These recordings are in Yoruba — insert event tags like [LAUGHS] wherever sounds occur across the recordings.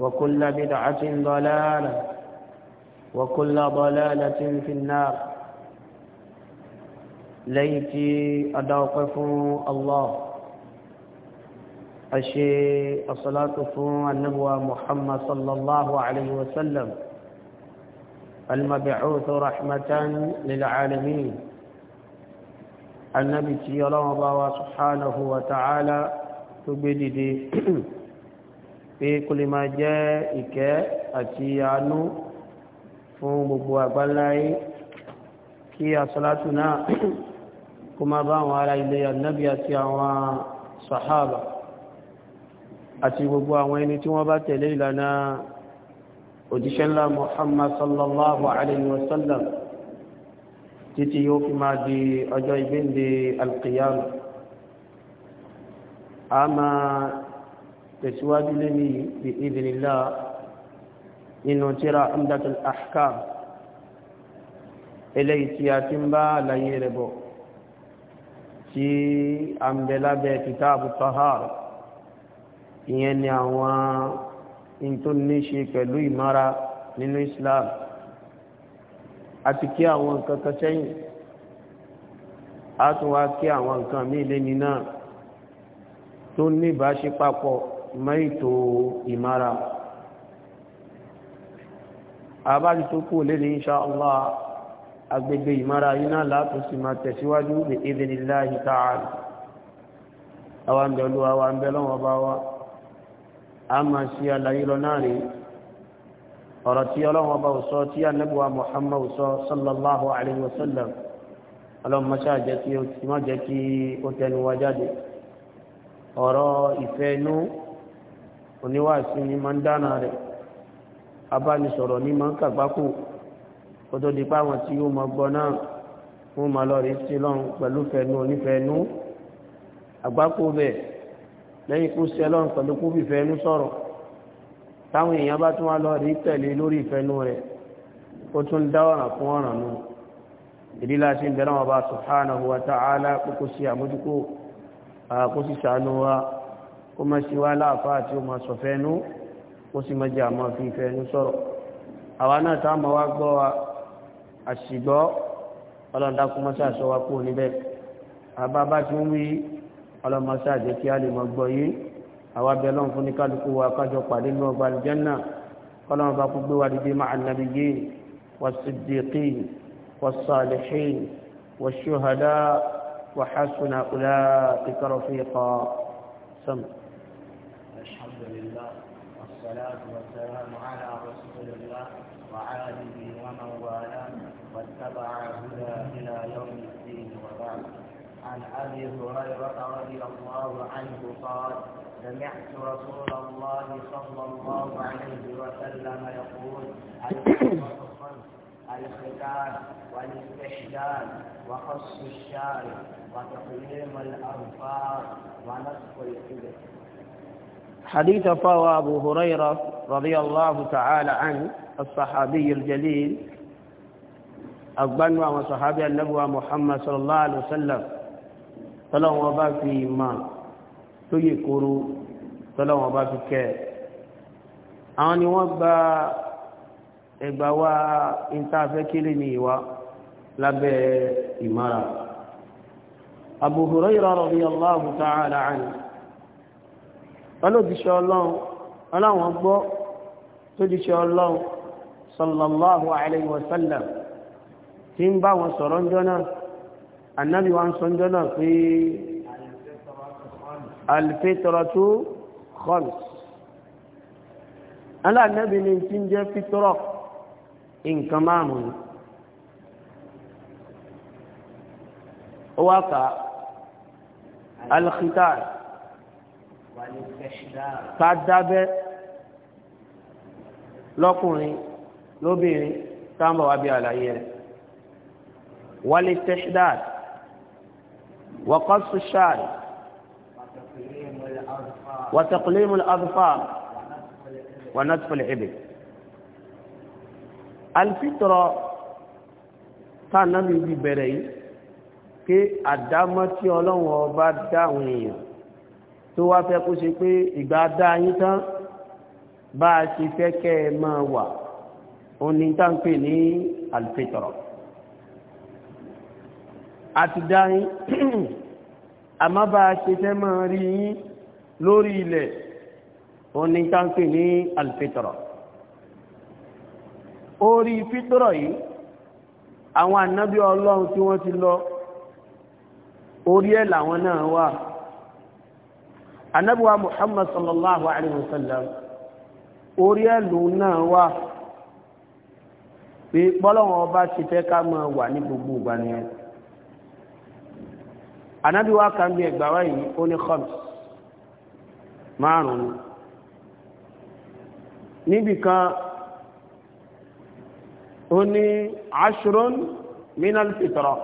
وكل بدعة ضلالة وكل ضلالة في النار ليتي أدوقف الله أشي الصلاة فو النبوة محمد صلى الله عليه وسلم المبعوث رحمة للعالمين النبي صلى الله سبحانه وتعالى تبدي pé kó lè máa jẹ́ ìkẹ́ àti àánú fún gbogbo àgbáláyé kí àsọlátù náà kó máa bá àwọn ará ilé ànábì àti àwọn sàhábà àti gbogbo àwọn ẹni tí wọ́n bá tẹ̀lé ìlànà òjíṣẹ́ Muhammad sallallahu alayhi wa sallam títí yóò fi máa di ọjọ́ ìgbéǹde alqiyama tẹ̀síwájú lẹ́ni bí ìdìnnìlá nínú tíra Umdatul Ahkam eléyìí tí a ti ń bá àlàyé rẹ̀ bọ̀ tí a ń bẹ lábẹ́ kìtàbù tahara ìyẹn ni àwọn in tó ní ṣe pẹ̀lú ìmára nínú Islam àti kí àwọn nǹkan kan sẹ́yìn a tún wá kí àwọn nǹkan míì lẹ́ni náà tó ní ìbáṣepapọ̀ mọ́ ètò ìmára àbájú tó kú lè ní insha Allah agbègbè ìmára iná látò sí máa tẹ̀síwájú ní idhnillahi ta'ala àwọn ìbẹ̀lú àwọn ìbẹ̀lọ́wọ́ bá wá a máa sí àlàyé lọ náà rí ọ̀rọ̀ tí ọlọ́wọ́ bá sọ tí annabuwa Muhammad oníwàásí ni máa ń dáná rẹ̀ abánisọ̀rọ̀ ní máa ń kàgbákò kó tó di pa àwọn tí yóò máa gbọ́ náà wọ́n máa lọ rí sí lọ́run pẹ̀lú fẹ̀nu onífẹ̀ẹ́nu àgbákò bẹ̀ lẹ́yìn kó sí ẹlọ́run pẹ̀lú kó fìfẹ́nu sọ̀rọ̀ táwọn èèyàn bá tún wá lọ rí tẹ̀lé lórí ìfẹ́nu rẹ̀ ó tún dá ọ̀ràn fún ọ̀ràn nù ìdí láti ń bẹ̀rẹ̀ wọn bá subhanahu wa ta'ala kókó sí àmójúkó àkóṣìṣàánú wa kó má ṣe wá láàfá àti ó máa sọ̀fẹ́nú ó sì má jẹ́ àmọ́ fi ìfẹ́nú sọ̀rọ̀ àwa náà tá máa wá gbọ́ wa àṣìgbọ́ ọlọ́ndàkú mọ́ṣá sọ wá kú níbẹ̀ والشهداء وحسن أولئك رفيقا سمت الحمد لله والصلاة والسلام على رسول الله وعاله ومن والاه واتبع هدى إلى يوم الدين وبعد عن أبي هريرة رضي الله عنه قال سمعت رسول الله صلى الله عليه وسلم يقول الختان والاستحجام وقص الشارع وتقليم الأظفار ونسخ الإبل حديث فوا أبو هريرة رضي الله تعالى عنه الصحابي الجليل أقبلنا وصحابي النبي محمد صلى الله عليه وسلم فلو وبا في ما تيكروا فلو وبا في ك، àwọn ni wọ́n gba ẹgbà وا ìntàfẹ́kílì ní ìwá lábẹ́ رضي الله تعالى radiyallahu ọlọ́dìṣẹ́ ọlọ́run ọlọ́run gbọ́ tó dìṣẹ́ ọlọ́run sallallahu alayhi wa sallam tí ń bá wọn sọ̀rọ̀ ńjọ́ náà annabi wa ń sọ ńjọ́ náà pé alfitratu khams aláàbí ni tí ń jẹ́ fitrọ nǹkan márùn-ún ó wá alkhitar ká dábẹ́ lọ́kùnrin lóbìnrin táwọn bàbá bíi àlàyé rẹ̀ wálé tẹ́ṣdáàd wàkọ́sù ṣáàd wàtàkùlẹ́mù àdùfà wànàtìfọ̀lẹ̀ ẹ̀bẹ̀. alfitọrọ táwọn náà bí bẹ̀rẹ̀ yìí pé àdámọ́ tí ọlọ́run ọba dáhùn èèyàn tó wá fẹ́ kó ṣe pé ìgbà dá yín tán bá a ṣe fẹ́ kẹ́ ẹ máa wà ó ní tá ń pè ní àlùfẹ́tọ̀rọ̀ àti dá yín [CLEARS THROAT] àmọ́ bá a ṣe fẹ́ máa rí yín lórí ilẹ̀ ó ní tá ń pè ní àlùfẹ́tọ̀rọ̀ orí fítọ̀rọ̀ yìí àwọn ànábí ọlọ́run tí wọ́n ti lọ orí ẹ̀ làwọn náà wà anábíwá muhammad sallallahu alaihi wasallam orí ẹ̀lú náà wà pé bọ́lọ́wọ́n ọba ti fẹ́ ká mọ́ wà ní gbogbo ìgbà ni ẹ̀ anábíwá kan bí ẹgbà wá ó ní khams márùn-ún níbìkan ó ní ashrun minal fitra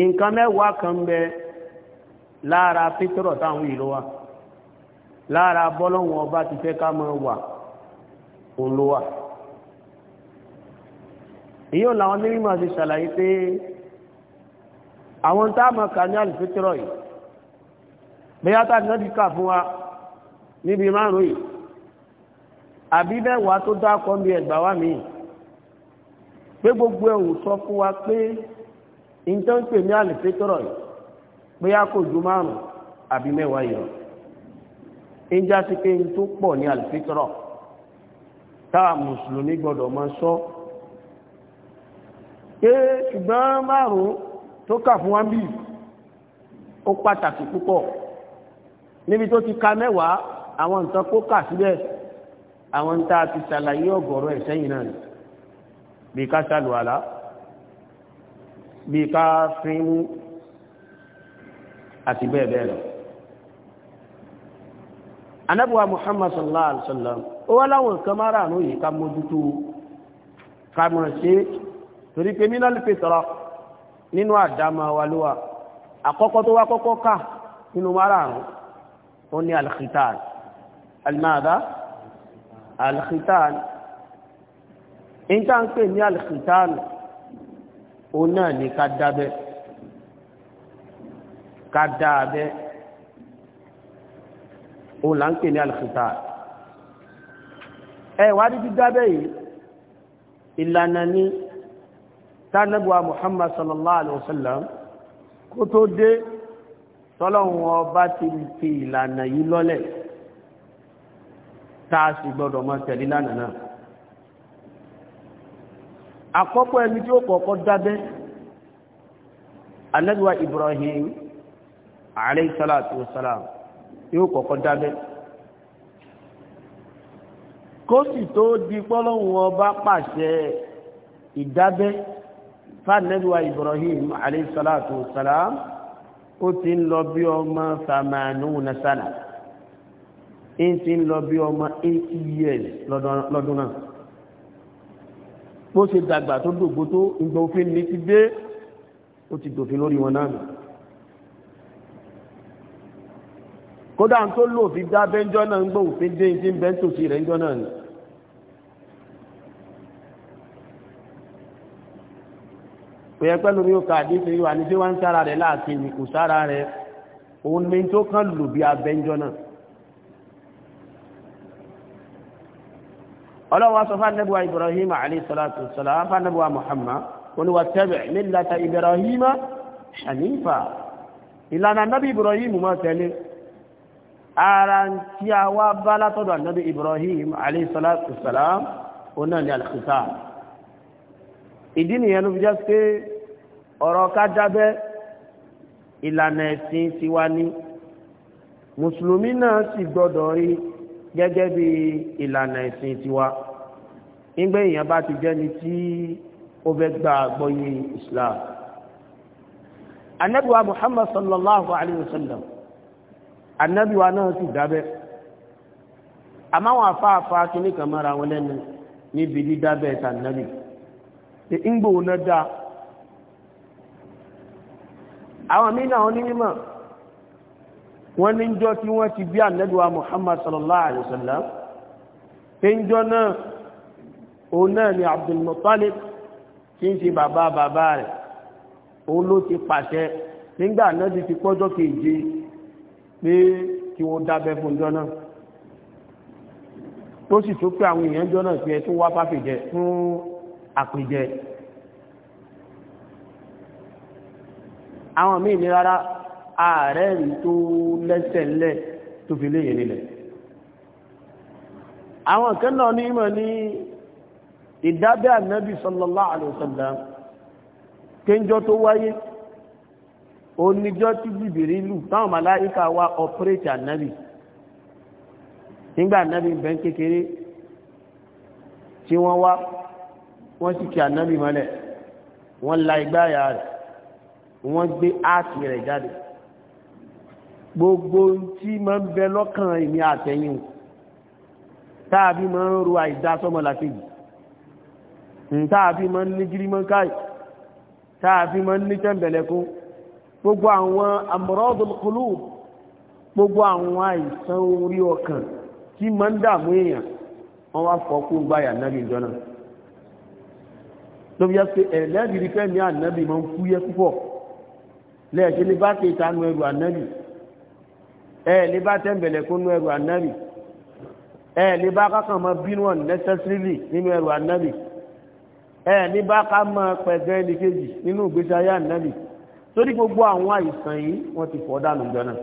nǹkan mẹ́wàá kan bẹ́ẹ̀ lára pétérọ̀ táwọn ìlú wa lára bọ́lọ́wọ́n ọba ti fẹ́ ká máa wà òun ló wà èyí làwọn mímọ̀ ti ṣàlàyé pé àwọn táàmà kà ní alìfẹ́tìrọ̀ yìí bẹ́yàtà nọ́díkà fún wa níbi márùn yìí àbíbẹ̀wà tó dákọ́ bí ẹgbà wà mí pé gbogbo ẹ̀hùn sọ fún wa pé ìjọ́ ń pè ní alìfẹ́tìrọ̀ yìí bóyá kò ju márùn àbí mẹ́wàá yìí lọ ń já sí pé tó pọ̀ ní àlùfítrọ̀ táà mùsùlùmí gbọ́dọ̀ máa sọ pé ṣùgbọ́n márùn tó kà fún wa bí ó pàtàkì púpọ̀ níbi tó ti ka mẹ́wàá àwọn nǹkan kó kà síbẹ̀ àwọn ń tá ti ṣàlàyé ọ̀gọ̀rọ̀ ẹ̀ sẹ́yìn náà bí ká ṣàlùwàlá bí ká fi mú àti bẹ́ẹ̀ bẹ́ẹ̀ lọ anábùwà muhammad sallallahu alaihi wasallam ó wá láwọn nǹkan mara àánú yìí ká mójútó ká mọ̀ ṣe torí pé mínàlì pẹ̀tọ́rọ nínú àdámọ̀ wa ló wà àkọ́kọ́ tó wá kọ́kọ́ ká nínú mara àánú ó ní alkhitan almada alkhitan in ń pè ní alkhitan ó náà ní ká dábẹ́ ká dá abẹ́ òun là ń pè ní alìkìtà ẹ wá dídí dábẹ́ yìí ìlànà ni tánàbùwà Muhammad sallallahu alaihi wasallam kó tó dé tọ́lọ́run ọba ti fi ìlànà yìí lọ́lẹ̀ tá sì gbọ́dọ̀ máa tẹ̀lé lánàá náà àkọ́kọ́ ẹni tí ó kọ́kọ́ dábẹ́ Ànábì Ibrahim alayhi salatu wassalam yóò kọ́kọ́ dábẹ́ kó sì tó di pọ́lọ́hùn ọba pàṣẹ ìdábẹ́ fánẹ́lúwà Ibrahim alayhi salatu wassalam ó ti ń lọ bí ọmọ samanu nasana ń ti ń lọ bí ọmọ 80 years lọ́dún náà bó ṣe dàgbà tó dògbò tó ìgbà òfin ní ti dé ó ti dòfin lórí wọn náà kódà tó lò fi dá bẹ́ńjọ́ náà ń gbóhùn fi dé ìdí bẹ́ńtòsí rẹ̀ ńjọ́ náà ni. pé ẹgbẹ́ lórí ó ka àdé fèrè wà ní tí wọ́n ń sára rẹ̀ láàfin ní kò sára rẹ̀ òun ni tó kàn lù bí abẹ́ńjọ́ náà. ọlọ́wọ́ sọ fánẹ́bùwà Ibrahim alayhisalatu salam fánẹ́bùwà Muhammad oníwà tẹ́bẹ̀ millata Ibrahim hanifa ìlànà nabi Ibrahim máa tẹ̀lé ara tí a wá bá látọ̀dọ̀ ànábì Ibrahim alayhi salatu wassalam ọ̀nà ni al-khitan ìdí nìyẹn ló fi jẹ́ pé ọ̀rọ̀ ká dábẹ́ ìlànà ẹ̀sìn tiwa ní mùsùlùmí náà sì gbọ́dọ̀ rí gẹ́gẹ́ bí ìlànà ẹ̀sìn tiwa nígbà èèyàn bá ti jẹ́ni tí ó fẹ́ gba àgbọ́yé Islam anabiwa Muhammad sallallahu alayhi wa sallam ànábì wa náà sì dábẹ́ àmáwọn afáàfáà kíní kan mọ́ra wọn lẹ́nu níbi dídábẹ́ ndi ìgbò náà dáa àwọn mínà wọn ní mímọ̀ wọ́n ní jọ tí wọ́n ti bí ànábì wa Muhammad sallallahu alaihi wasallam tí ń jọ náà òun náà ni ti ti pé kí wọ́n dábẹ́ fún ìjọ náà tó sì tó pé àwọn èèyàn jọ náà pé ẹ tún wá fàfèjẹ fún àpèjẹ àwọn míì ní rárá ààrẹ rí tó lẹ́sẹ̀ ńlẹ̀ tó fi léyìn nílẹ̀ àwọn kan náà ní ìmọ̀ ní ìdábẹ́ ànábì sallallahu alaihi wasallam kéńjọ tó wáyé oníjọ́ tí jìbìrì lù táwọn màláìka wá ọ̀pẹ́rẹ́tì ànábì nígbà ànábì bẹ́ẹ̀ kékeré tí wọ́n wá wọ́n sì kí ànábì mọ́lẹ̀ wọ́n la igbáyà rẹ̀ wọ́n gbé áàkì rẹ̀ jáde gbogbo tí máa ń bẹ lọ́kàn ìní àtẹ̀yìn táàbí máa ń ro àìdásọ́mọ làkejì táàbí máa ń ní gírímọ́káì táàbí máa ń ní tẹ́m̀bẹ̀lẹ̀kún gbogbo àwọn amradul qulub gbogbo àwọn àìsàn orí ọkàn tí ma ń dààmú èèyàn wọ́n wá fọ́kú gbáyà náàbì ìjọna tó bí yá pé ẹ̀lẹ́bì rí fẹ́mi ànábì ma ń fúyẹ́ púpọ̀ lẹ́ẹ̀ṣẹ́ lè bá tẹ ìtanú ẹrù ànábì ẹ̀ lè bá tẹ́m̀bẹ̀lẹ̀ kó nú ẹrù ànábì ẹ̀ lè bá kákan ma bínú ọ̀n necessarily nínú ẹrù ànábì ẹ̀ lè bá ká ma pẹ̀gẹ́ ẹnìkejì nínú ìgbésí ayé ànábì torí gbogbo àwọn àìsàn yìí wọ́n ti fọ́ dànù jọ náà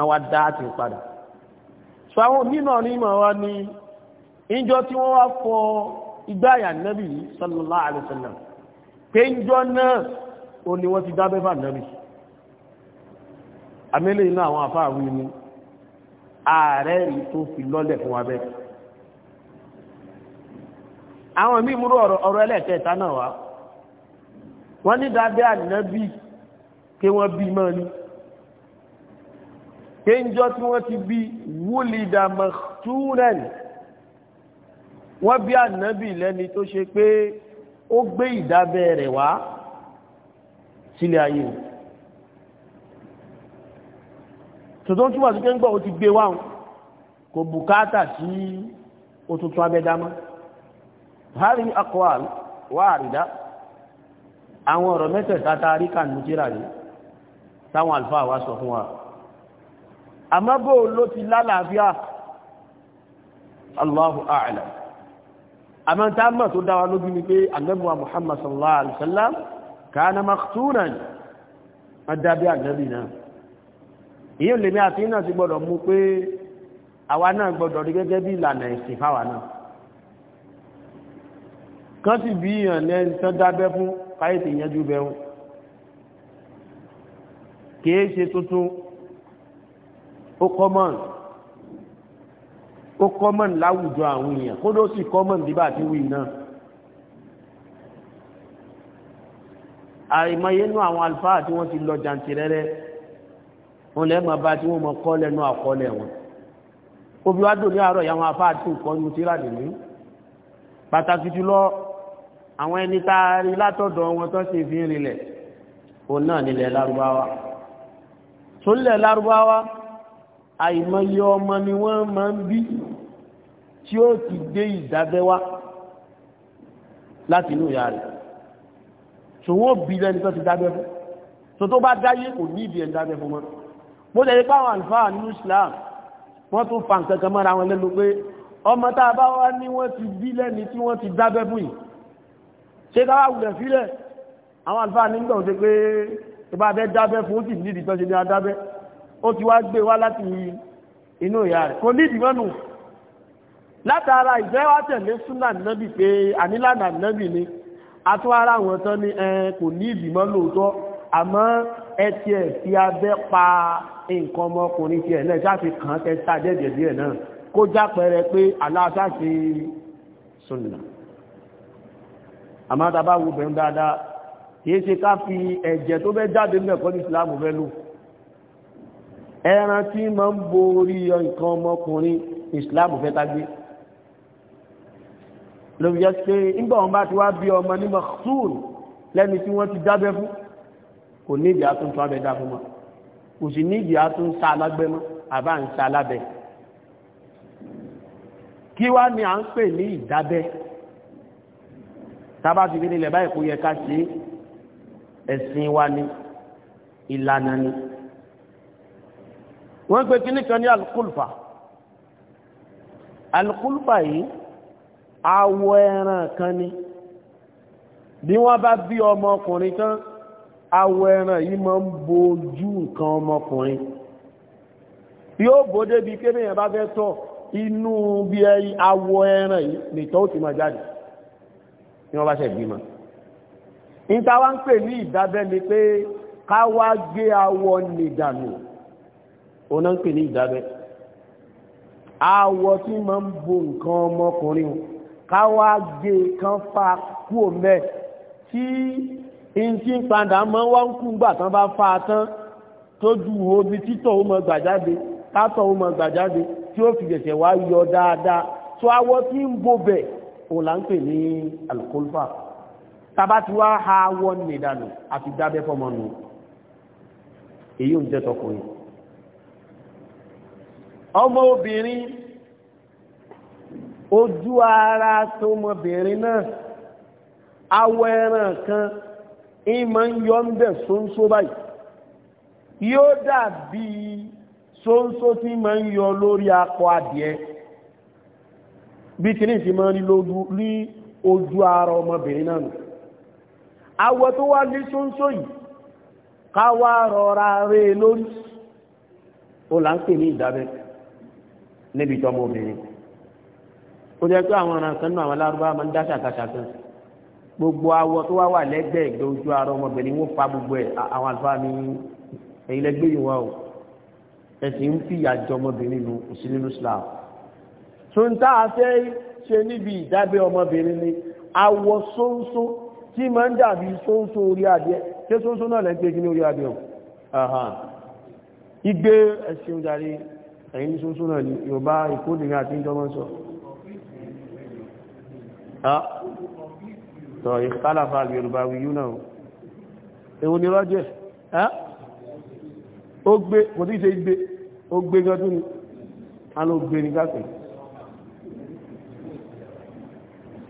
àwọn adá ti padà so àwọn nínà ní ìmọ̀ wa ni ìjọ tí wọ́n wá fọ igbá àyà nẹ́bì yìí sallallahu alaihi wasallam pé ìjọ náà ò ní wọ́n ti dábẹ́ fà nẹ́bì amẹ́lẹ̀ iná àwọn àfáàwí ni ààrẹ rí tó fi lọ́lẹ̀ fún wa bẹ́ẹ̀ àwọn mímúrú ọ̀rọ̀ ẹlẹ́ẹ̀kẹta náà wá wọ́n ní dábẹ́ ànábì pé wọ́n bí mọ́ ni pé ń jọ tí wọ́n ti bí wúlìdà mọ̀túrẹ̀n wọ́n bí ànábì lẹ́ni tó ṣe pé ó gbé ìdábẹ́ rẹ̀ wá sílẹ̀ ayé o tòtò túmọ̀ sí pé ń gbọ́ ó ti gbé wá kò bùkátà sí òtútù abẹ́dámọ́ hàrí akọ̀wà àrídá àwọn ọ̀rọ̀ mẹ́tẹ̀ẹ̀ta tá a rí kà nínú tírà rí táwọn àlùfáà wá sọ fún wa àmọ́ bó ló ti lálàáfíà Allahu a'lam àmọ́ tá a mọ̀ tó dá wa lójú ni pé àgbẹ̀bùwa Muhammad sallallahu alaihi wasallam kana maktunan adábí àgbẹ̀bì ti bí ìyàn lẹ́yìn tán dábẹ́ fún káyé ti yanjú bẹ́ẹ̀ o kìí ṣe tuntun ó kọ́mọ̀n ó kọ́mọ̀n láwùjọ àwọn èèyàn kó ló sì kọ́mọ̀n bí bá ti wí náà àìmọye nú àwọn àlùfáà tí wọ́n ti lọ jàǹtìrẹrẹ wọn lè máa bá tí wọ́n mọ kọ́ lẹ́nu àkọọ́lẹ̀ wọn obì ní àárọ̀ yàwọn afáà tí nǹkan ní tíra nìyí pàtàkì jùlọ àwọn ẹni tá a rí látọ̀dọ̀ wọn tó sì fi ń rinlẹ̀ òun náà nílẹ̀ lárúbáwá tó nílẹ̀ lárúbáwá àìmọye ọmọ ni wọ́n máa ń bí tí ó ti gbé ìdábẹ́ wá láti inú ìyá rẹ̀ ṣòwò bí lẹ́ni tó ti dábẹ́ fún tó tó bá dáyé kò ní ìdí ẹ̀ dábẹ́ fún wọn mo jẹ́ ipá àwọn àlùfáà nínú Islam wọ́n tún fa nǹkan kan mọ́ra wọn lẹ́nu pé ọmọ tá a bá wá ní wọ́n ti bí lẹ́ni tí wọ́n ti dábẹ́ fún yìí ṣé ká wá wùlẹ̀ sílẹ̀ àwọn àlùfáà nígbà ó ṣe pé ìbá abẹ́ dábẹ́ fún ó sì nídìí tọ́jú ní adábẹ́ ó ti wá gbé wá láti inú ìyá rẹ̀ kò nídìí mọ́nù látara ìfẹ́ wá tẹ̀lé súnà nábì pé ànílànà nábì ni atúwárá àwọn tán ní ẹ kò nídìí mọ́ lóòótọ́ àmọ́ ẹ tiẹ̀ fi abẹ́ pa nǹkan ọmọkùnrin tiẹ̀ náà ṣáà fi kàn án tẹ́ sáà jẹ́jẹ́ díẹ̀ náà kó jápẹ̀rẹ̀ pé aláàtà ṣe súnà àmọ́ tá bá wo bẹ̀rún dáadáa kìí ṣe ká fi ẹ̀jẹ̀ tó fẹ́ jáde ní ẹ̀kọ́ ní ìsìláàmù fẹ́ lò ẹran tí ma ń bo orí nǹkan ọmọkùnrin ìsìláàmù fẹ́ tágbé lóbi jẹ́ pé nígbà wọn bá ti wá bí ọmọ ní ni à ń tába fi bíi ilẹ̀ báyìí kò yẹ ká ṣe ẹ̀sìn wa ni ìlànà ni wọ́n pe kíní kan ní alukulfa alukulfa yìí awọ ẹran kan ni bí wọ́n bá bí ọmọkùnrin tán awọ ẹran yìí máa ń bojú nǹkan ọmọkùnrin yóò bó débi kébèyàn bá fẹ́ tọ̀ inú bí awọ ẹran yìí nìtọ́ ó ti máa jáde tí wọ́n bá ṣẹ̀ bímọ. níta wá ń pè ní ìdábẹ́ ni pé ká wá gbé awọ nìdànù òun náà ń pè ní ìdábẹ́. awọ tí máa ń bo nǹkan ọmọkùnrin ká wá gbé kan fa kúò mẹ́ tí ìǹtí padà máa wá ń kú gbà tán bá fa tán tójú omi títọ̀ ó mọ gbàjáde tátọ̀ ó mọ gbàjáde tí ó fi ṣẹ̀ṣẹ̀ wá yọ dáadáa tó awọ tí ń bobẹ̀ òun là ń pè ní alkolfa tàbá ti wá ha wọ́n ní ìdánù àti dábẹ́ fọ́mọ nù èyí ń jẹ́ tọkùnrin ọmọ obìnrin ojú ara tọmọbìnrin náà awọ ẹran kan ìmọ̀ ń yọ ń bẹ̀ sóńsó báyìí yóò dàbí sóńsó tí ma ń yọ lórí akọ adìẹ bí kìíní ti máa ní lójú ní ojú ara ọmọbìnrin náà nù awọ tó wá ní ṣóńṣó yìí ká wá rọra rẹ e lórí ó là ń pè ní ìdábẹ́ níbi tọmọ obìnrin ó jẹ́ pé àwọn aràn náà àwọn alárúbá máa ń dá ṣàkàṣàkàn gbogbo awọ tó wá wà lẹ́gbẹ̀ẹ́ ìgbẹ́ ojú ara ọmọbìnrin wọ́n fa gbogbo ẹ̀ àwọn àlùfáà ní ẹ̀yìn lẹ́gbẹ̀ẹ́ yìí wá o ẹ̀sìn ń fìyà jọ ọmọbìnrin nù òsínú Islam tó ń táa fẹ́ ṣe níbi ìdábẹ́ ọmọbìnrin ni awọ sóńsó tí ma ń dàbí sóńsó orí adìẹ tí sóńsó náà lẹ́ ń pè kí ní orí adìẹ ọ̀hún igbe ẹ̀sìn ìdarí ẹ̀yìn sóńsó náà ni yorùbá ìkódìrí àti ìjọmọ́ sọ tọ̀ ìkálàfà yorùbá wí yú náà ewu ni rọ́jẹ̀ ó gbé kò tí ì ṣe gbé ó gbé gọ́dún ni a ló gbé ní káàkiri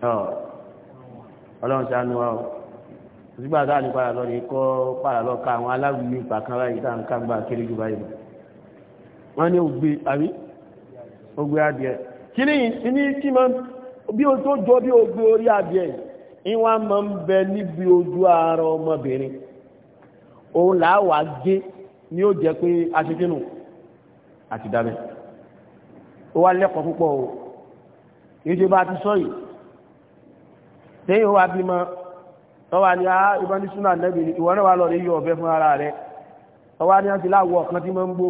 ọlọ́run ṣàánú wa o òsígbà tá a lè padà lọ lè kọ́ padà lọ ka àwọn aláwùmí ìgbà kan báyìí tá à ń ká gbà kéré jù báyìí wọ́n ní ògbé àbí ògbé adìẹ kí ni ìsinmi tí máa bí o tó jọ bí ògbé orí adìẹ ìwọ̀n máa ń bẹ níbi ojú ara ọmọbìnrin òun làá wà gé ni ó jẹ pé aṣekínú àti dábẹ́ ó wá lẹ́kọ̀ọ́ púpọ̀ o èyí tó bá ti sọ yìí tẹ́yìn wá bímọ ọwá ni ah, àá ìbọn ní súnà nẹ́bì ni ìwọ̀n náà lọ rí yọ ọ̀bẹ fún ara rẹ̀ ọwá ni a ti láwọ ọ̀kan tí mọ́ ń gbó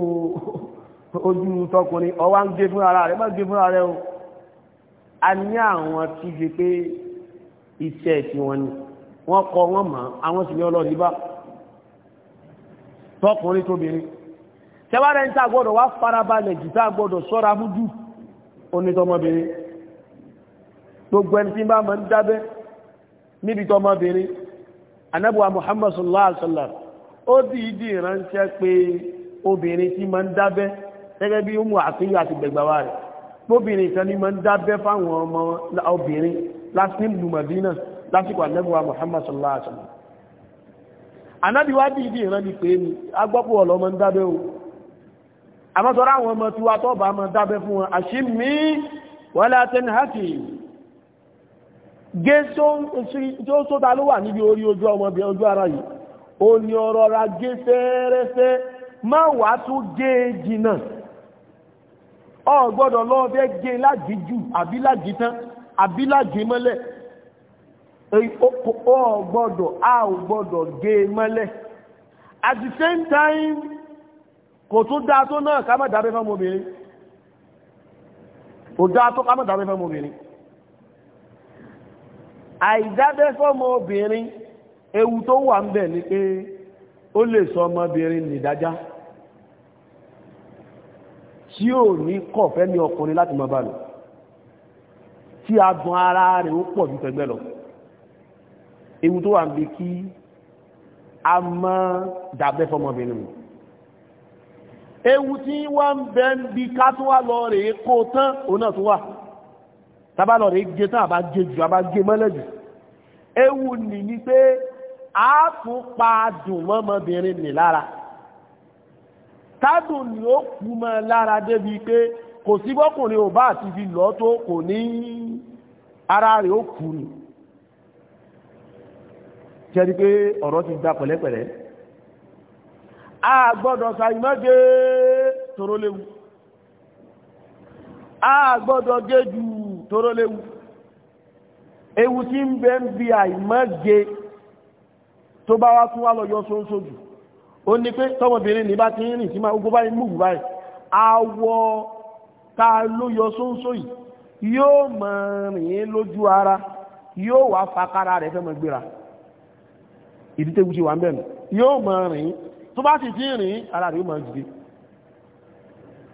ojú tọkùnrin ọwá ń gé fún ara rẹ̀ má gé fún ara rẹ̀ o a ní àwọn tí ṣe pé iṣẹ́ ti wọn ni wọ́n kọ wọ́n mọ̀ àwọn gbogbo ẹni tí bá mọ̀ ń dábẹ́ níbi tó ọmọbìnrin anábùwà muhammad sallallahu alaihi wasallam ó dì í dì ìránṣẹ́ pé obìnrin tí ma ń dábẹ́ gẹ́gẹ́ bí ó mú àtúnyà àti gbẹ̀gbàwà rẹ̀ lóbìnrin kan ní ma ń dábẹ́ fáwọn ọmọ obìnrin láti ìlú madina lásìkò anábùwà muhammad sallallahu alaihi wasallam anábìwà dì í dì ìránṣẹ́ pé agbọ́pọ̀ ọ̀lọ́ ma ń dábẹ́ o àmọ́sọ̀rọ̀ gé tó ta ló wà níbi orí ojú ọmọbìnrin ojú ara yìí ó ní ọ̀rọ̀ ra gé fẹ́ẹ́rẹ́fẹ́ má wàá tún gé jìnnà ọ gbọ́dọ̀ gé lájì àbí lájì àbí lájì mọ́lẹ̀ ọ a ò gbọ́dọ̀ gé mọ́lẹ̀ at the same time kò tún dáa tó náà ká má dábẹ́ fọ́mọbìnrin kò àìdábẹ́ fọ́mọ obìnrin ewu tó wà ń bẹ̀ ni pé ó lè sọ ọmọbìnrin nìdájá tí ò ní kọ̀fẹ́ ní ọkùnrin láti máa bá lò tí agbọn ara rẹ̀ ó pọ̀ ju tẹgbẹ́ lọ ewu tó wà ń bí kí a mọ́ dábẹ́ fọ́mọbìnrin mi ewu tí wọ́n ń bẹ́ ń bí ká tó wà lọ rèé kó tán òun náà tó wà tábàlọ̀ rẹ̀ gé tán àbá gé jù àbá gé mọ́lẹ̀ jù ewu nì ní pé a tún pa dùn mọ́mọbìnrin nì lára tádùn ni ó kú mọ́ lára débi pé kò sí bọ́kùnrin ò bá àti fi lọ tó kò ní ara rẹ̀ ó kú ni jẹ́rí pé ọ̀rọ̀ ti gba pẹ̀lẹ́pẹ̀lẹ́ a gbọ́dọ̀ sàìmọ́gé tòró a gbọ́dọ̀ gé jù Toro léwu ewu tí ń bẹ ń bi àìmọ́ge tó bá wá tún wá lọ yọ sóńsó jù ó ní pé tọmọbìnrin ní bá ti ń rìn sí máa gbogbo báyìí múùbù báyìí awọ ta ló yọ sóńsó yìí yóò mọ̀ rìn lójú ara yóò wá fakara rẹ̀ fẹ́ mọ̀ gbéra ìdí tẹ́gù ti wà ń bẹ̀rẹ̀ yóò mọ̀ rìn tó bá sì ti rìn ara rẹ̀ yóò mọ̀ jìdí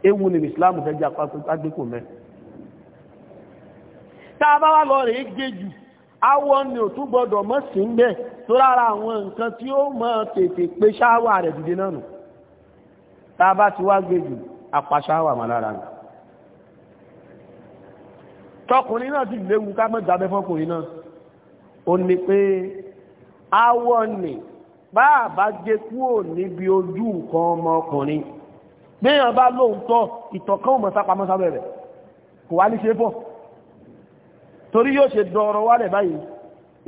ewu ni Islam fẹ́ jẹ́ apá agbékò mẹ́rin tá a bá wá lọ rèé gejù awọ ni ò tún gbọdọ̀ mọ́ sí ń bẹ̀ tó rárá àwọn nǹkan tí ó mọ́ tètè pé ṣáwà rẹ̀ dìde náà nù tá a bá ti wá gejù apá ṣáwà mà lára nù tọkùnrin náà ti léwu ká mọ́ jábẹ́ fọkùnrin náà ó ní pé awọ ni bá a bá gé kúrò níbi ojú nǹkan ọmọkùnrin gbéyàn bá lóòótọ́ ìtọ̀kọ́ òmọ̀ sápamọ́ sábẹ́ rẹ̀ kò wá ní ṣe fọ́ torí yóò ṣe dọ̀rọ̀ wálẹ̀ báyìí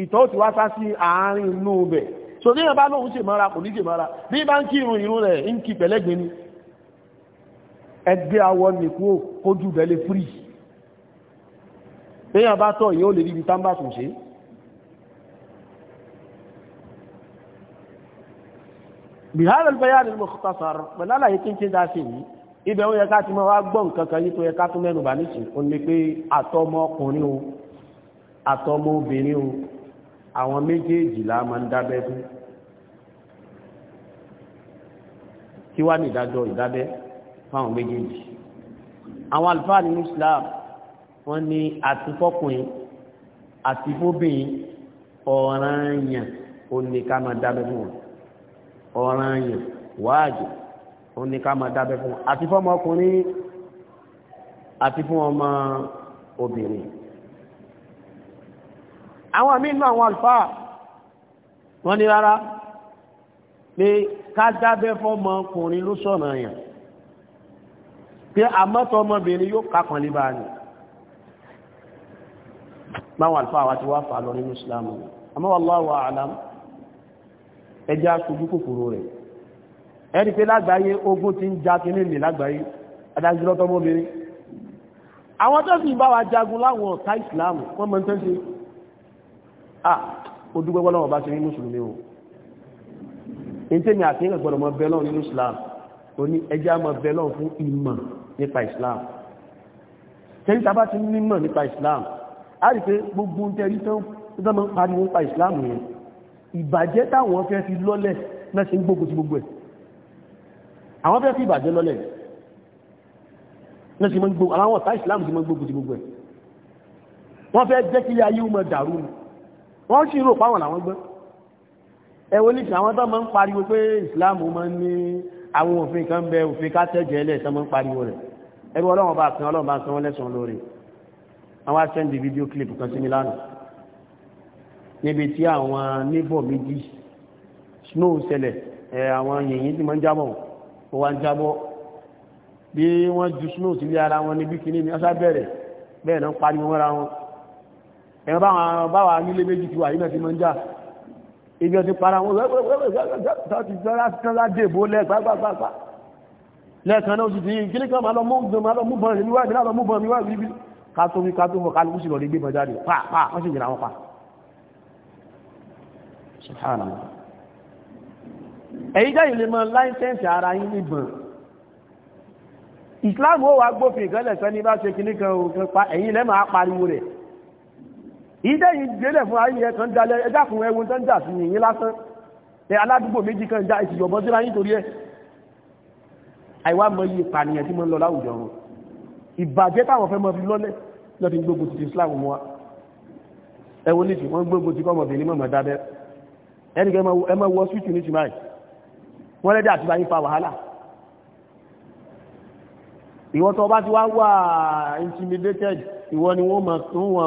ìtọ́ ti wá sá sí àárín inú bẹ̀ so ní ẹ̀bá lóhun ṣe mara kò ní ṣe mara bí bá ń kí irun irun rẹ̀ ń kí pẹ̀lẹ́gbẹ̀ ni ẹgbẹ́ awọ nìkú kójú bẹ̀lẹ̀ fúrì èèyàn bá tọ̀ yóò lè ríbi tábà tún ṣe bihar albayar al-mukhtasar pẹ̀lú àlàyé tí ń ṣe dá sí yìí ibẹ̀ ó yẹ ká ti máa wá gbọ́ nǹkan kan tó yẹ ká tún mẹ́nu bà níṣìí ó ní pé àtọmọkùnrin o àtọmọ obìnrin o àwọn méjèèjì la máa ń dábẹ́ fún kí wá ní ìdájọ́ ìdábẹ́ fáwọn méjèèjì àwọn àlùfáà ní Islam wọ́n ní àti fọ́kùnrin àti fóbìnrin ọ̀ranyàn ó ní ká máa dábẹ́ fún wọn ọ̀ranyàn wáàjì ó ní ká máa dábẹ́ fún wọn àti fọ́mọ àti fún ọmọ obìnrin àwọn àmì inú àwọn àlùfáà wọ́n ní rárá pé ká dábẹ́ fọ́mọ ọkùnrin ló sọ̀nà yàn pé àmọ́tọ́ ọmọbìnrin yóò kákan lé báyìí báwọn àlùfáà wa ti wá fà lọ nínú ìsìlámù àmọ́ wallahu a'lam ẹjá sojú kòkòrò rẹ̀ ẹni pé lágbàáyé ogun ti ń já kíní lè lágbàáyé adájú àwọn tó sì bá wa jagun láwọn ọ̀tá ìsìlámù wọ́n mọ̀ tẹ́sí ah o ó dúpẹ́ bọ́lọ́wọ́ bá ṣe ní mùsùlùmí o ní tèmi àti ìrìn gbọ́dọ̀ mọ bẹ́lọ́ nínú islam ó ní ẹjá mọ bẹ́lọ́ fún ìmọ̀ nípa islam tẹ́lí tá bá ti ní mọ̀ nípa islam a rí pé gbogbo tẹ́lí tán tó tán mọ́ pariwo nípa islam yẹn ìbàjẹ́ táwọn fẹ́ fi lọ́lẹ̀ náà ṣe ń gbógun ti gbogbo ẹ̀ àwọn fẹ́ fi ìbàjẹ́ lọ́lẹ̀ náà ṣe mọ́ gbogbo àwọn ọ̀tá islam ti mọ́ gbógun ti gbogbo ẹ̀ wọ́n fẹ́ jẹ́ kí ayé ó dàrú wọ́n sì rò páwọn làwọn gbọ́ ẹwọ ní àwọn tó máa ń pariwo pé ìsìláàmù máa ń ní àwọn òfin kan bẹ òfin kátẹ́jẹ́ ilẹ̀ tó máa ń pariwo rẹ̀ ẹrú ọlọ́run bá kan ọlọ́run bá san wọ́n lẹ́sàn lórí àwọn asẹ́ndì fídíò clip kan sí mi lánàá níbi tí àwọn níbọ̀ méjì snow ṣẹlẹ̀ àwọn yìnyín tí máa ń jábọ̀ ó wá ń jábọ̀ bí wọ́n ju snow sílé ara wọn níbi kíní ni wọ́n sá bẹ̀rẹ̀ bẹ́ẹ̀ náà pariwo mọ́ra wọn ẹ̀rọ báwa nílé méjì ti wà nílẹ̀ ti mọ́ ń já ibi ọtí para wọn lẹ́ẹ̀kan náà ti dìí kí ní kan máa lọ mú bọ́n rẹ̀ níwájú láàrọ̀ mú bọ́n níwájú ríbi ká tó mi ká tó mọ̀ kálùkù sí lọ lè gbé bọ̀ jáde pàápàá wọ́n sì jìnà wọn pa subhanallah ẹ̀yí jáyìí lè mọ láìsẹ́ǹsì ara yín níbọn islam ó wà gbófin ìkẹ́lẹ̀ sẹ́ni bá ṣe kìíní kan òkè pa ẹ̀yìn lẹ́mọ̀ á pariwo rẹ̀ ìdẹ́yìn gbélẹ̀ fún ayẹyẹ kan dalẹ̀ ẹjá fún ẹwọ tó ń jà sí yìnyín lásán ẹ aládùúgbò méjì kan já ìtìjọ̀bọ́ síra yín torí ẹ àìwá mọ iye ìpànìyàn tí mo ń lọ láwùjọ wọn ìbàjẹ́ táwọn fẹ́ mọ fi lọ́lẹ̀ lọ́ fi gbógun ti Islam mọ́ wa ẹwọ ní ti wọ́n gbógun ti kọ́mọbìnrin mọ̀mọ́ dábẹ́ ẹnìkan ẹ mọ wọ swíìtì ní tìmáì wọ́n lẹ́dẹ̀ àti báyìí fa wàhálà ìwọ́n tó bá ti wá wà intimidated ìwọ ni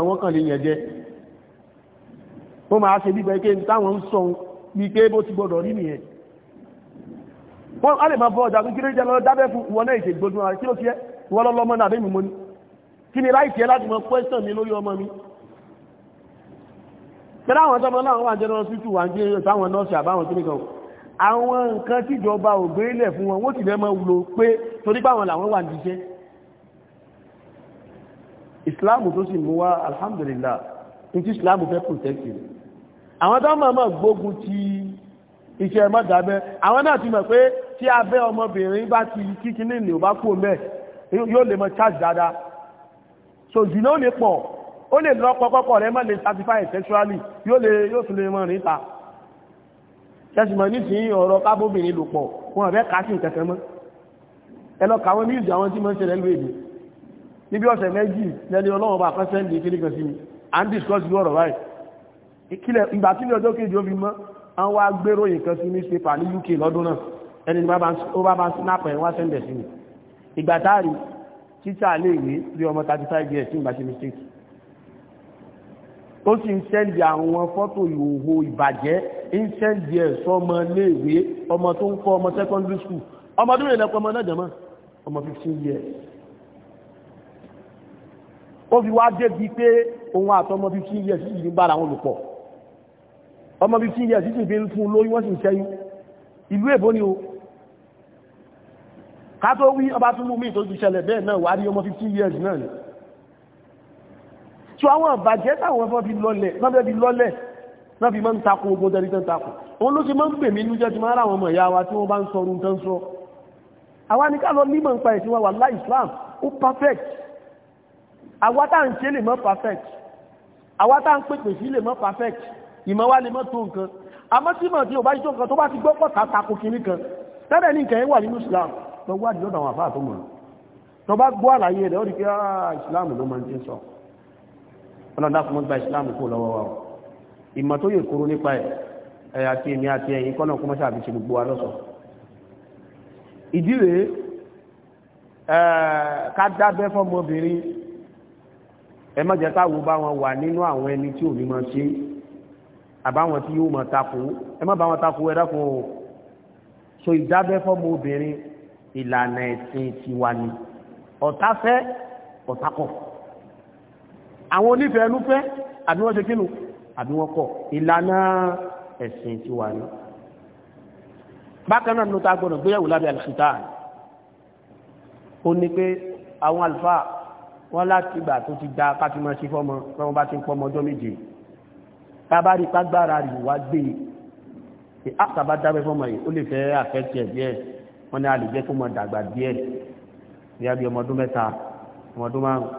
wọ́n kàn lè yẹn jẹ́ ó máa ṣe bíbẹ̀ pé táwọn ń sọ ní pé bó ti gbọdọ̀ rí nìyẹn wọ́n á lè máa bọ́ ọjà fún kí ló jẹ́ lọ dábẹ́ fún wọn náà ìṣe gbódùn ara kí ló tiẹ́ wọ́n lọ́lọ́mọ náà bẹ́ẹ̀ mi mọ́ ni kí ni láì tiẹ́ láti mọ pẹ́sàn mi lórí ọmọ mi tẹ́lá àwọn tọ́mọ náà wà jẹ́rọ sí tùwà ní ìsáwọn nọ́ọ̀sì àbáwọn tó nìkan àwọn nǹkan tíjọba ò gbé ilẹ̀ fún wọn wọ́n ti lẹ́mọ̀ wùlò pé torípàwọn làwọn wà níṣẹ́ ìsìláàmù tó sì mú wá alhamdulillah ní tí ìsìláàmù fẹ́ protect àwọn tó mọ̀ mọ̀ gbógun ti iṣẹ́ mọ́dàbẹ́ àwọn náà ti mọ̀ pé tí abẹ́ ọmọbìnrin bá ti kíkí ní ìlú bá kú mẹ́ yóò lè mọ charge dáadáa so jùlọ ó lè pọ̀ ó lè lọ pọ̀pọ̀pọ̀ rẹ mọ́ lè satisfy sexually yóò lè yóò tún lè mọ̀ níta kẹsìmọ̀ nísìnyí ọ̀rọ̀ kábóbìnrin lò pọ̀ wọn àbẹ́ kásìn kẹsẹ̀ mọ́ ẹ lọ kàwọn ní ìjà wọn tí mọ́ ń ṣẹlẹ̀ lóèdè níbi ọ̀sẹ̀ méjì lẹ́ni ọlọ́run bá kọ́sẹ́ ń di kiri kan sí mi And ń discuss lọ́rọ̀ right ìgbà tí ní ọjọ́ kejì ó fi mọ́ àwọn wá gbérò ìkan sí newspaper ní UK lọ́dún náà ẹni ó bá bá snap ẹ̀ wá sẹ́ndẹ̀ sí mi ìgbà táàrí títà lè wé rí ọmọ 35 years tí ìgbà ṣe mistake ó sì ń sẹ́ndì àwọn fọ́tò ìhòhò ìbàjẹ́ ń sẹ́ndì ẹ̀ sọmọ léèwé ọmọ tó ń kọ́ ọmọ secondary school ọmọ ọdún ìrìnlẹ́pọ̀ ọmọ náà jẹ́mọ́ ọmọ 15 years ó fi wá débi pé òun àtọmọ 15 years yìí ń bára wọn lò ọmọ bíi fifteen years sísìn fi ń fún un lóyún wọ́n sì ń ṣẹ́yún ìlú èbó ni o ká tó wí ọba tún mú mi tó ti ṣẹlẹ̀ bẹ́ẹ̀ náà wà á rí ọmọ fifteen years náà ni tí àwọn àbàjẹ́ táwọn ẹ̀fọ́ fi lọlẹ̀ lọ́bẹ̀ fi lọlẹ̀ náà fi máa ń takò ogun tẹ́rí tẹ́ takò òun ló ṣe máa ń pè mí nújẹ́ ti máa ráwọn ọmọ ìyá wa tí wọ́n bá ń sọ orun tán sọ àwa ní ká lọ nímọ̀ nípa ẹ̀sìn wa wà láì Islam ó perfect àwa tá à ń ṣe lè mọ́ perfect àwa tá à ń pèpè sí lè mọ́ perfect ìmọ̀ wá lè mọ́ tó nǹkan àmọ́ tí mọ̀ tí ò bá ṣe tó nǹkan tó bá ti gbọ́ pọ̀ tàkò kìíní kan tẹ́lẹ̀ ní nǹkan wà nínú Islam lọ wá dìlọ́dọ̀ àwọn àfáà tó mọ̀ tó bá gbọ́ àlàyé rẹ̀ ó rí pé ah, Islam ló máa ń ti sọ ọlọ́dà fún mọ́ gba Islam kó lọ́wọ́ wa ìmọ̀ tó yẹ kúrú nípa wa lọ́sọ̀ ìdí rèé ká bá wọn wà nínú àwọn ẹni tí ò ní máa ṣe àbáwọn tí yóò mọ̀ takò ẹ má bá wọn takò ẹ dákun o so ìdábẹ́ fọ́mọ obìnrin ìlànà ẹ̀sìn tiwa ni ọ̀tá fẹ́ ọ̀tá kọ̀ àwọn onífẹ́ ẹnu fẹ́ àbí wọ́n ṣe kínú àbí wọ́n kọ̀ ìlànà ẹ̀sìn tiwa ni bákan náà ló ta gbọ́dọ̀ gbéyàwó lábẹ́ àlùfíta ó ní pé àwọn àlùfáà wọ́n láti gbà tó ti da káfíńmọ́ sí fọ́mọ fọ́mọ bá ti ń pọ́mọ ọjọ́ méje bàbá rí pàgbára rí wá gbé e àtàbá ah, dábẹ́ fọmọ yìí ó lè fẹ́ àfẹ́tì ẹ̀ díẹ̀ wọ́n ní a lè jẹ́ kó mọ dàgbà díẹ̀ ìyá bí ọmọdún mẹ́ta ọmọdún márùn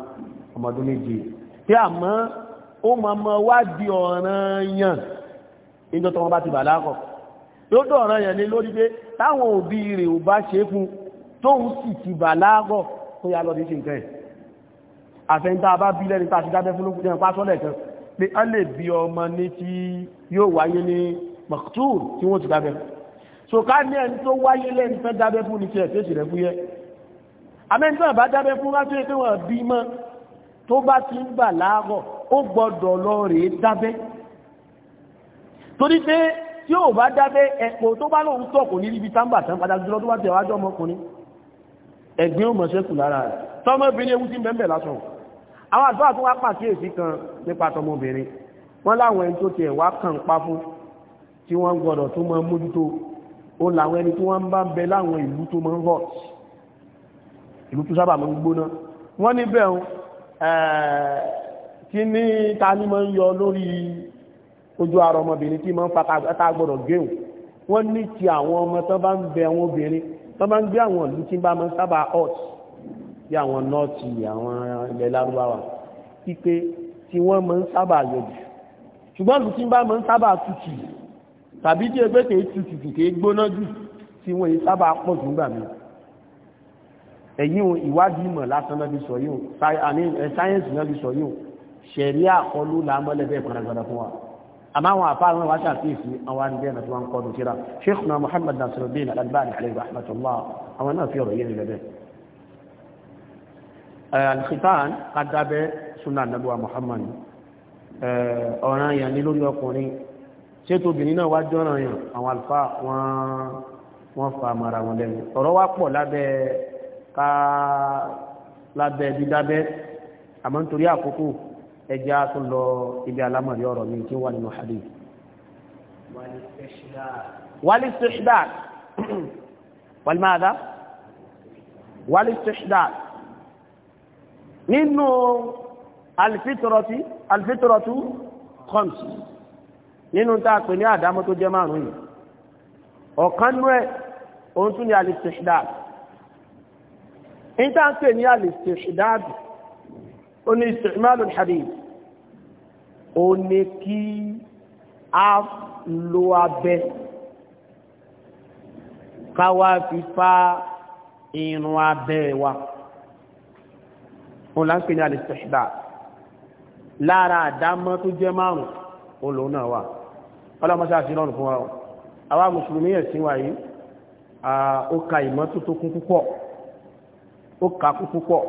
ọmọdún méje tí àmọ́ ó mọ ọmọ wá di ọ̀ràn yàn níjọ́ tó wọn bá ti bàlá kọ̀ yóò dọ̀ràn yàn ní lórí pé táwọn òbí rẹ̀ ò bá ṣe fún tóun sì ti bàlá kọ̀ kó yá lọ bí ṣe nǹkan ẹ̀ àfẹ́ntà pé a lè bí ọmọ ní tí yóò wáyé ní maktul tí wọ́n ti dábẹ́ so ká ní ẹni tó wáyé lẹ́ni fẹ́ dábẹ́ fún ní tiẹ̀ tẹ́sì rẹ̀ fúyẹ́ amẹ́ntàn bá dábẹ́ fún wájú pé wọ́n bí mọ́ tó bá ti ń gbà láàárọ̀ ó gbọ́dọ̀ lọ rèé dábẹ́ torí pé tí ò bá dábẹ́ ẹ̀pọ̀ tó bá lóun tọ̀ kò ní ibi tábà tán padà jùlọ tó bá tẹ̀ wájú ọmọkùnrin ẹ̀gbin ó mọ̀ lára rẹ̀ tọ́mọ́bìnrin ewu ti ń bẹ́ẹ̀ lásán àwọn àdúrà tó wá pàkíyèsí kan nípa tọmọbìnrin wọ́n láwọn ẹni tó tiẹ̀ wá kàn pa fún tí wọ́n gbọ́dọ̀ tó máa mójútó ó làwọn ẹni tí wọ́n bá ń bẹ láwọn ìlú tó máa ń hot ìlú tó sábà máa ń gbóná wọ́n níbẹ̀ eh, kí ní ta ní máa ń yọ lórí ojú ara ọmọbìnrin tí máa ń fata gbọ́dọ̀ géun wọ́n ní ti àwọn ọmọ tó bá ń bẹ àwọn obìnrin tó bá ń gbé àwọn ìlú tí bá máa sábà hot bí àwọn nọ́ọ̀tì àwọn ilẹ̀ lárúbáwá pípé tí wọ́n máa ń sábà yọjú ṣùgbọ́n tí bá máa ń sábà tutù tàbí tí ẹgbẹ́ kìí tutù kìí gbóná jù tí wọ́n yìí sábà pọ̀ jù nígbà míì ẹ̀yìn ìwádìí ìmọ̀ lásán náà bí sọ yìí sáyẹ́ǹsì náà bí sọ yìí ṣẹ̀rí àkọlù làmọ́lẹ́bẹ̀ẹ́ gbọ́nagbọ́nà fún wa àmá àwọn àfáàwọn wáṣà fíìsì àwọn àdìbẹ́ náà tí wọ́n ń kọ́ Sheikhuna Muhammad Nasiruddin Al-Albani alayhi rahmatullah àwọn náà fi ọ̀rọ̀ yìí nílẹ̀ bẹ́ẹ̀ Eh, alkhitan kádàbẹ́ sunnah nabuwa muhammad eh, ọ̀ràn yẹn ní lórí ọkùnrin ṣètò obìnrin náà wá jọ́ràn yẹn àwọn alfa wọ́n fa mara wọn lẹ́nu ọ̀rọ̀ wá pọ̀ lábẹ́ ká lábẹ́ dídábẹ́ àmọ́ nítorí àkókò ẹja tó lọ ibi alámọ̀rí ọ̀rọ̀ mi tí wà nínú hadith wal istihdaad [CLEARS THROAT] [CLEARS THROAT] nínú alfitrati alfitratu khams nínú tá a pè adamu àdámọ́ tó jẹ́ márùn-ún yìí ọ̀kan nú ẹ̀ òun tún ní alistihdad níta ń pè ní alistihdad ó ní a lo abẹ káwá fífa irun abẹ́ wa òun là ń pè ní alistihba lára àdámọ́ tó jẹ́ márùn òun lòun náà wà ọlọ́mọṣá sí lọ́rùn fún wa o àwa mùsùlùmí ẹ̀sìn wa yìí ó ka ìmọ́tótó kún púpọ̀ ó ka kún púpọ̀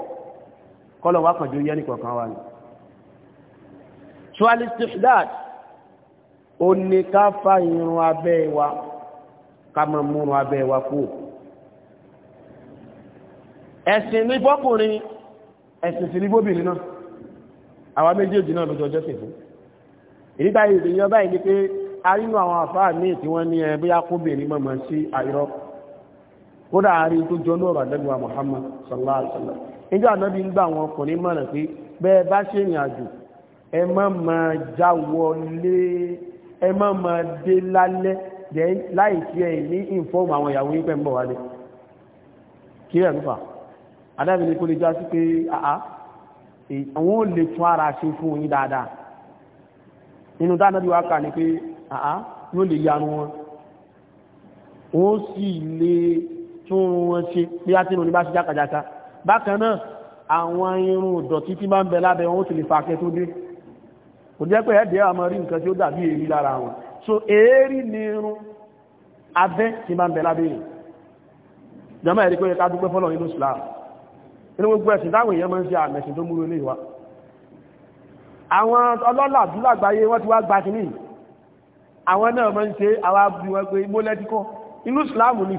kọ́lọ̀ wá kàn yẹ́ ní kọ̀ọ̀kan wa ni so alistihdad ó ní ká fa irun abẹ́ wa ká mọ̀ múrun abẹ́ wa kú ẹ̀sìn ní fọ́kùnrin ẹ̀sìn sí ní bóbìnrin náà àwa méjèèjì náà lójọ jọ́sìn fún ìdíta ìrìyàn báyìí ni pé a rínú àwọn àfáà míì tí wọ́n ní ẹ bóyá kóbìnrin mọ̀mọ́ sí àìrọ́ kódà àárín tó jọ lóòrò àdẹ́gbà Muhammad sallallahu alaihi wasallam níjọ́ ànábì ń gbà wọn ọkùnrin mọ̀ràn pé bẹ́ẹ̀ bá ṣe ìrìn àjò ẹ má máa já wọlé ẹ má kí ẹ̀ adábìnrin kò lè já sí pé àá àwọn ò lè tún ara ṣe fún oyin dáadáa nínú dáadáa bí wá kà ní pé àá yóò lè yanu wọn wọ́n sì lè tún wọn ṣe bí á tí ní bá ṣe jákàjáká bákan náà àwọn irun ìdọ̀tí tí máa ń bẹ lábẹ́ wọn ó sì lè fàkẹ́ tó dé kò jẹ́ pé ẹ̀dẹ̀ àmọ́ rí nǹkan tí ó dàbí èrí lára wọn so èérí ni irun abẹ́ tí máa ń bẹ lábẹ́ rẹ̀ jọmọ́ ẹ̀rí pé ká dúpẹ́ fọ́lọ̀ nínú Islam inú gbogbo ẹ̀sìn táwọn èèyàn máa ń ṣe àmẹ̀sìn tó múrò lè wá àwọn ọlọ́lá àdúlágbáyé wọ́n ti wá gba kìíní àwọn náà máa ń ṣe àwọn abúlé wọn pé mólẹ́tíkọ́ inú ìsìláàmù ni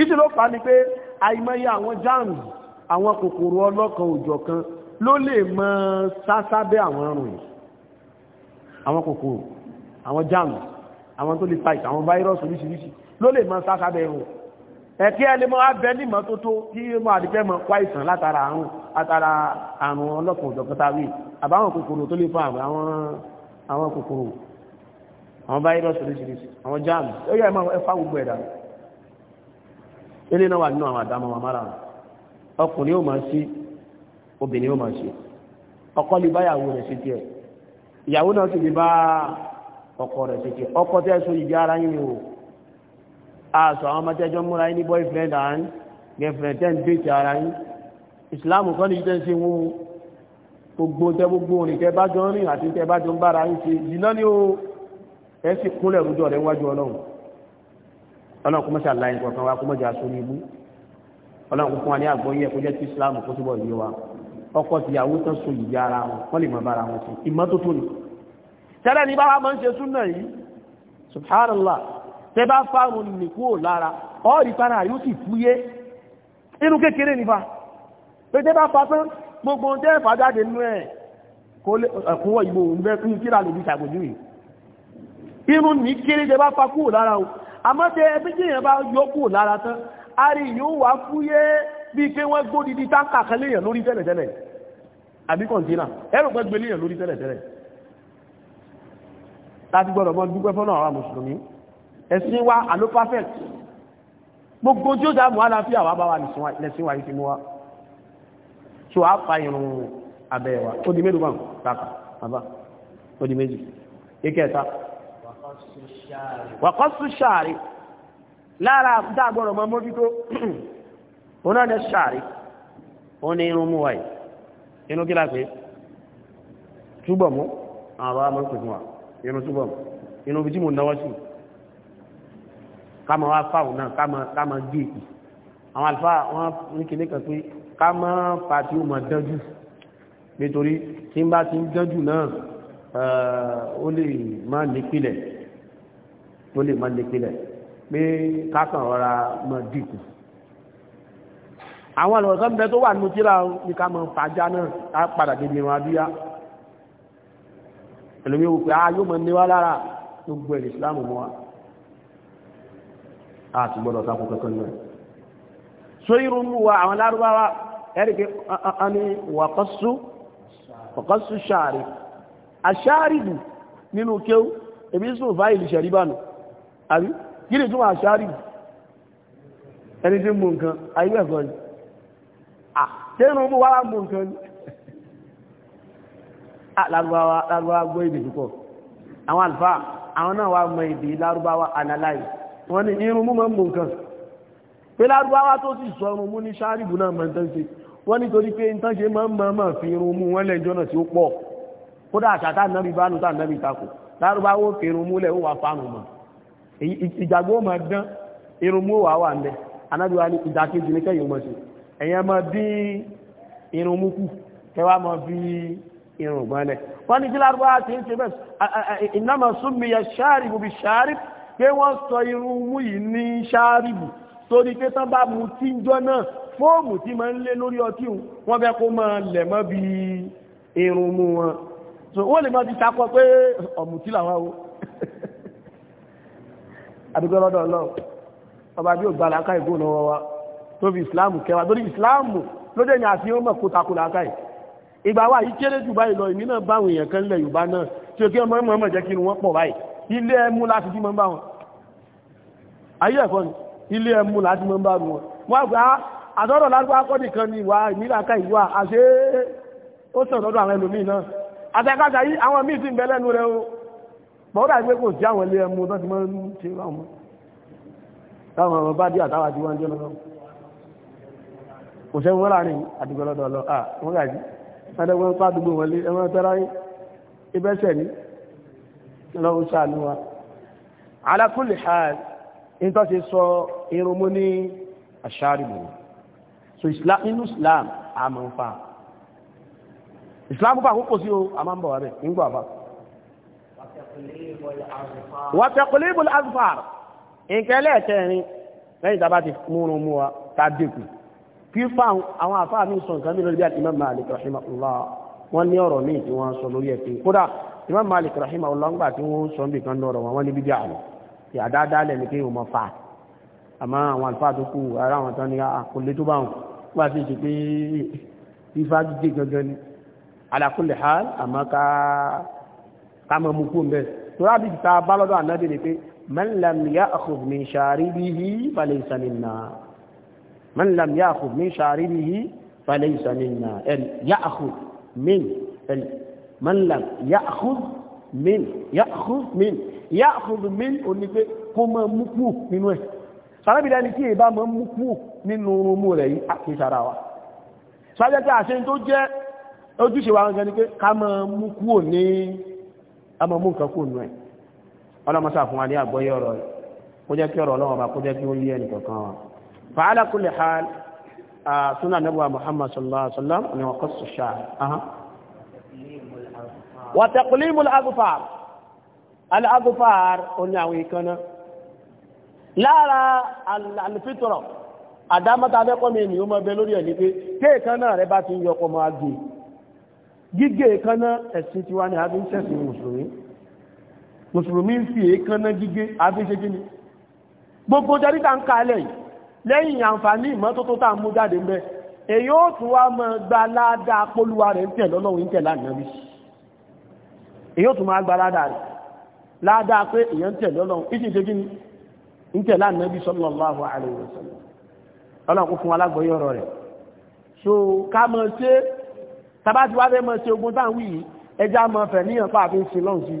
ìtì ló fà ní pé àìmọye àwọn jáàmù àwọn kòkòrò ọlọ́kan òjọ̀kan ló lè mọ sásábẹ́ àwọn àrùn yìí àwọn kòkòrò àwọn jáàmù àwọn tó lè fight àwọn fáírọ́ọ̀sì oríṣiríṣi ló lè mọ sásábẹ́ wọn ẹ̀kí ẹ lè mọ́ abẹ ní mọ́tótó tí mọ́ àdìfẹ́ mọ́ pa ìsàn látara àrùn látara àrùn ọlọ́pàá òjọ̀kọta wí àbáwọn kòkòrò tó lè fa àwọn àwọn kòkòrò àwọn fáírọ́ọ̀sì oríṣiríṣi àwọn jáàmù ó yẹ máa ẹfá gbogbo ẹ̀dá ilé náà wà nínú àwọn àdámọ́ àmàrà ọkùnrin ó máa sí obìnrin ó máa sí ọkọ lè bá ìyàwó rẹ̀ sí tiẹ̀ ìyàwó náà sì lè bá ọkọ rẹ̀ sí tiẹ̀ ọkọ tẹ́ sọ ìdí ara yín o àṣọ àwọn ọmọtẹ́jọ́ múra ní boyfriend and girlfriend ten date ara yín ìsìláàmù kan níbi tẹ́ ṣe wọ́n gbogbo tẹ́ gbogbo òrìn tẹ́ bá jọ ń rìn àti tẹ́ bá jọ ń bára yín ṣe jìnnà ni ó ẹ sì kúnlẹ̀ rújọ rẹ̀ wájú ọlọ́run ọlọ́run kó mọ́ṣá láyìn kọ̀ọ̀kan wa kó mọ́jà sórí ibú ọlọ́run kó fún wa ní àgbọ́yé ẹ̀kọ́ jẹ́ tí ìsìláàmù kó túbọ̀ yé wa ọkọ tìyàwó tán so yìí ara wọn wọ́n lè mọ bára wọn sí ìmọ́tótó ni tẹ́lẹ̀ ní bá wa máa ń ṣe súnà yìí subhanallah tẹ bá ni nì kúrò lára ọ́ọ̀rí fara yóò sì fúyé inú kékeré nípa pé tẹ bá fa tán gbogbo tẹ́ fàjáde nú ẹ̀ ẹ̀kúnwọ̀ ìgbò òun bẹ́ kún kíra lè bí ṣàgbójú yìí inú ní kéré tẹ bá fa kúrò lára o àmọ́ tẹ ẹbí tí èèyàn bá yọ kúrò lára tán a rí yóò wá fúyé bí pé wọ́n gbó didi táǹkà kan léèyàn lórí tẹ́lẹ̀tẹ́lẹ̀ àbí kọ̀ǹtínà ẹrù gbé léèyàn lórí tẹ́lẹ̀tẹ́lẹ̀ láti gbọ́dọ̀ mọ́ dúpẹ́ fọ́nà àwọn mùsùlùmí ẹ̀sìn wa àló perfect gbogbo tí ó dá mọ́ àlàáfíà wà bá lẹ́sìn wa ìfimú wa tí ó á fa irun abẹ́ wa ó di mélòó báwọn kàkà bàbá ó di méjì ìkẹta wàkọ́sù ṣàárì lára dágbọ́rọ̀ mọ́ mójútó [CLEARS THROAT] òun náà ní ṣàárì òun ní irun mú wa yìí inú kí láti túbọ̀ mú àwọn bàbá mọ́ pẹ̀lú wa irun túbọ̀ mú inú bí tí mo náwọ́ sí i káma wá fáwọn náà káma káma géèkì àwọn àlùfáà wọn ní kìnnì kan pé káma pàtí ó mọ dánjú nítorí tí ń bá ti ń dánjú náà eh, ó lè má nípìlẹ̀ ó lè má nípìlẹ̀ pé kákan ọ̀ra mọ dínkù àwọn àlùfáà bẹ tó wà nínú tíra ní káma fàájá náà á padà débi ìrìn àbíyá ẹlòmíwò pé a ah, yóò mọ níwá lára gbogbo ẹ̀rì ìsìláàmù mọ́ wa àti gbọ́dọ̀ tako kankan náà so irun mú wa àwọn lárúbáwá ẹ̀rìkẹ́ ọ̀ní wàkọ́sù ṣàárì àṣàárìbù nínú kéw èmi sùn fáìlì ṣẹ̀ríbánu àbí kí ni tún àṣàárìbù ẹni tí mú nǹkan ayé ẹ̀kọ́ ni àtẹ́rùn mú wá mú nǹkan ni wọ́n ní irun mú máa ń bò nǹkan pé lárúbáwá tó sì sọ ọrùn mú ní sáàrìbù náà máa ń tán ṣe wọ́n nítorí pé nǹkan ṣe máa ń máa máa fi irun mú wọ́n lẹ́jọ́ náà tí ó pọ̀ kódà àṣàtà nàbí bá nùtà nàbí takò lárúbáwá ó fi irun múlẹ̀ ó wà fáàmù mọ̀ ìjàgbó máa dán irun mú wà wà ń anábíwá ní ìdàkejì ní kẹ́yìn mọ̀ ẹ̀yẹn máa dín irun mú kù kẹwàá irun gbọ́n lẹ̀ wọ́n ní kí lárúbáwá ti ń ṣe bẹ́ẹ̀ ìnáma súnmi yẹ ṣáàrìbù bí ṣáàrìbù pé wọ́n sọ irun mú yìí ní ṣáárìbù torí pé tán bá mu tí ń jọ náà fóòmù tí máa ń lé lórí ọtí wọn fẹ́ kó máa lẹ̀ mọ́ bí irun mú wọn so wọ́n lè máa ti takọ pé ọ̀mùtí làwọn o àdúgbò [LAUGHS] lọ́dọ̀ ọlọ́run ọba bí ògbà làákà ìgbò lọ́wọ́ wa tó fi ìsìláàmù kẹwàá torí ìsìláàmù lóde ní àfi ọmọ kó takò làákà yìí ìgbà wa yìí kéré jù báyìí lọ ìmí náà báwọn èèyàn kan lẹ̀ Yorùbá náà tí ó kí ọmọ ọmọ jẹ́ kí wọ́n pọ̀ báyìí ilé ẹmú láti bí mọ́ ayé ẹ̀kọ́ ni ilé ẹmú láti mọ́ bá wọn wọ́n gbá ah, àtọ́rọ̀ lágbàkọ́ nìkan ni ìwà ìmìlàkà ìwà àṣẹ ó sọ̀rọ̀ lọ́dọ̀ àwọn ẹlòmíì náà àtẹ́kájà yí àwọn míì ti ń bẹ lẹ́nu rẹ̀ o bọ́ọ̀dà ìgbé kò sí àwọn ilé ẹmú tó ti mọ́ ń ṣe ráwọn táwọn ọmọ bá dí àtàwà tí wọ́n ń jẹ́ lọ́wọ́ kò ìntọ́ ṣe sọ irun mú ní àṣàrìbò so islam inú islam a mọ̀ ń fa islam púpà púpọ̀ sí o a máa ń bọ̀ rẹ̀ nígbà bá wàtẹ̀kùlébùl azfar ìkẹlẹ̀ kẹrin lẹ́yìn tàbá ti múrun mú wa ta dẹ̀kù kí fa àwọn àfáà mi sọ nǹkan mi lórí bí àti imam malik rahimahullah wọ́n ní ọ̀rọ̀ míì tí wọ́n sọ lórí ẹ̀kẹ́ kódà imam malik rahimahullah ń gbà tí wọ́n sọ ń kan lọ́rọ̀ wọn ní bíbí àlọ́ tí àdáadáa lẹ̀ ní pé o mọ̀ fà àmọ́ àwọn àlùfáà tó kù ara àwọn tán ní àkọlé ah, tó bá wọn wá sí ṣe pé fífá jíjẹ gangan ni ala kulli hal àmọ́ ká ká mọ̀ mú kó mbẹ́ torí àbí ta bá lọ́dọ̀ ànábì ni pé man lam ya'khudh min sharibihi falaysa minna man lam ya'khudh min sharibihi falaysa minna ẹn ya'khudh min ẹn man lam ya'khudh min ya'khudh min ìyá àfọ̀dùmín òní pé kó mọ́ mú kú nínú ẹ̀ sàrábìdá ni kí èbá mọ́ mú kú nínú orúnmú rẹ̀ yìí àti sára wa sájẹ́ pé àṣẹ tó jẹ́ ojúṣe wa gan ni pé ká mọ́ mú kú ní ọmọ mú nǹkan kú nínú ẹ̀ ọlọ́mọsá fún wa ní àgbọ́yé ọ̀rọ̀ rẹ̀ kó jẹ́ kí ọ̀rọ̀ ọlọ́wọ́ bá kó jẹ́ kí ó yé ẹnì kankan wa fàálà kulli hal sunna nabuwa muhammad sallallahu alaihi wasallam ni wọn kọ́ sọ ṣáà wa taqlimul aghfar alágúfàár oní àwọn ìkanná lára alìfítọ̀rọ̀ àdámọ́ta abẹ́kọ́mí ènìyàn mọ́ bẹ lórí ẹ̀lẹ́gbé tí ìkanná rẹ bá ti ń yọkọ mọ́ agbè gígé ìkanná ẹ̀sìn tiwa ni abin sẹ́sìn mùsùlùmí mùsùlùmí ń fi ìkanná gígé abin ṣe gíní gbogbo jẹ́ríta ń kalẹ̀ lẹ́yìn àǹfààní ìmọ́tótó ládàá pé èèyàn tẹ̀lé ọlọ́run ìsì ṣe kí ní tẹ̀lé ànábì sallallahu alaihi wasallam ọlọ́run kò fún alágbọ̀yé ọ̀rọ̀ rẹ̀ so ká mọ̀ ṣe tàbá ti wá fẹ́ mọ̀ ṣe ogun táwọn yìí ẹja mọ̀ fẹ̀ níyàn pa àfi ń sin lọ́hùn sí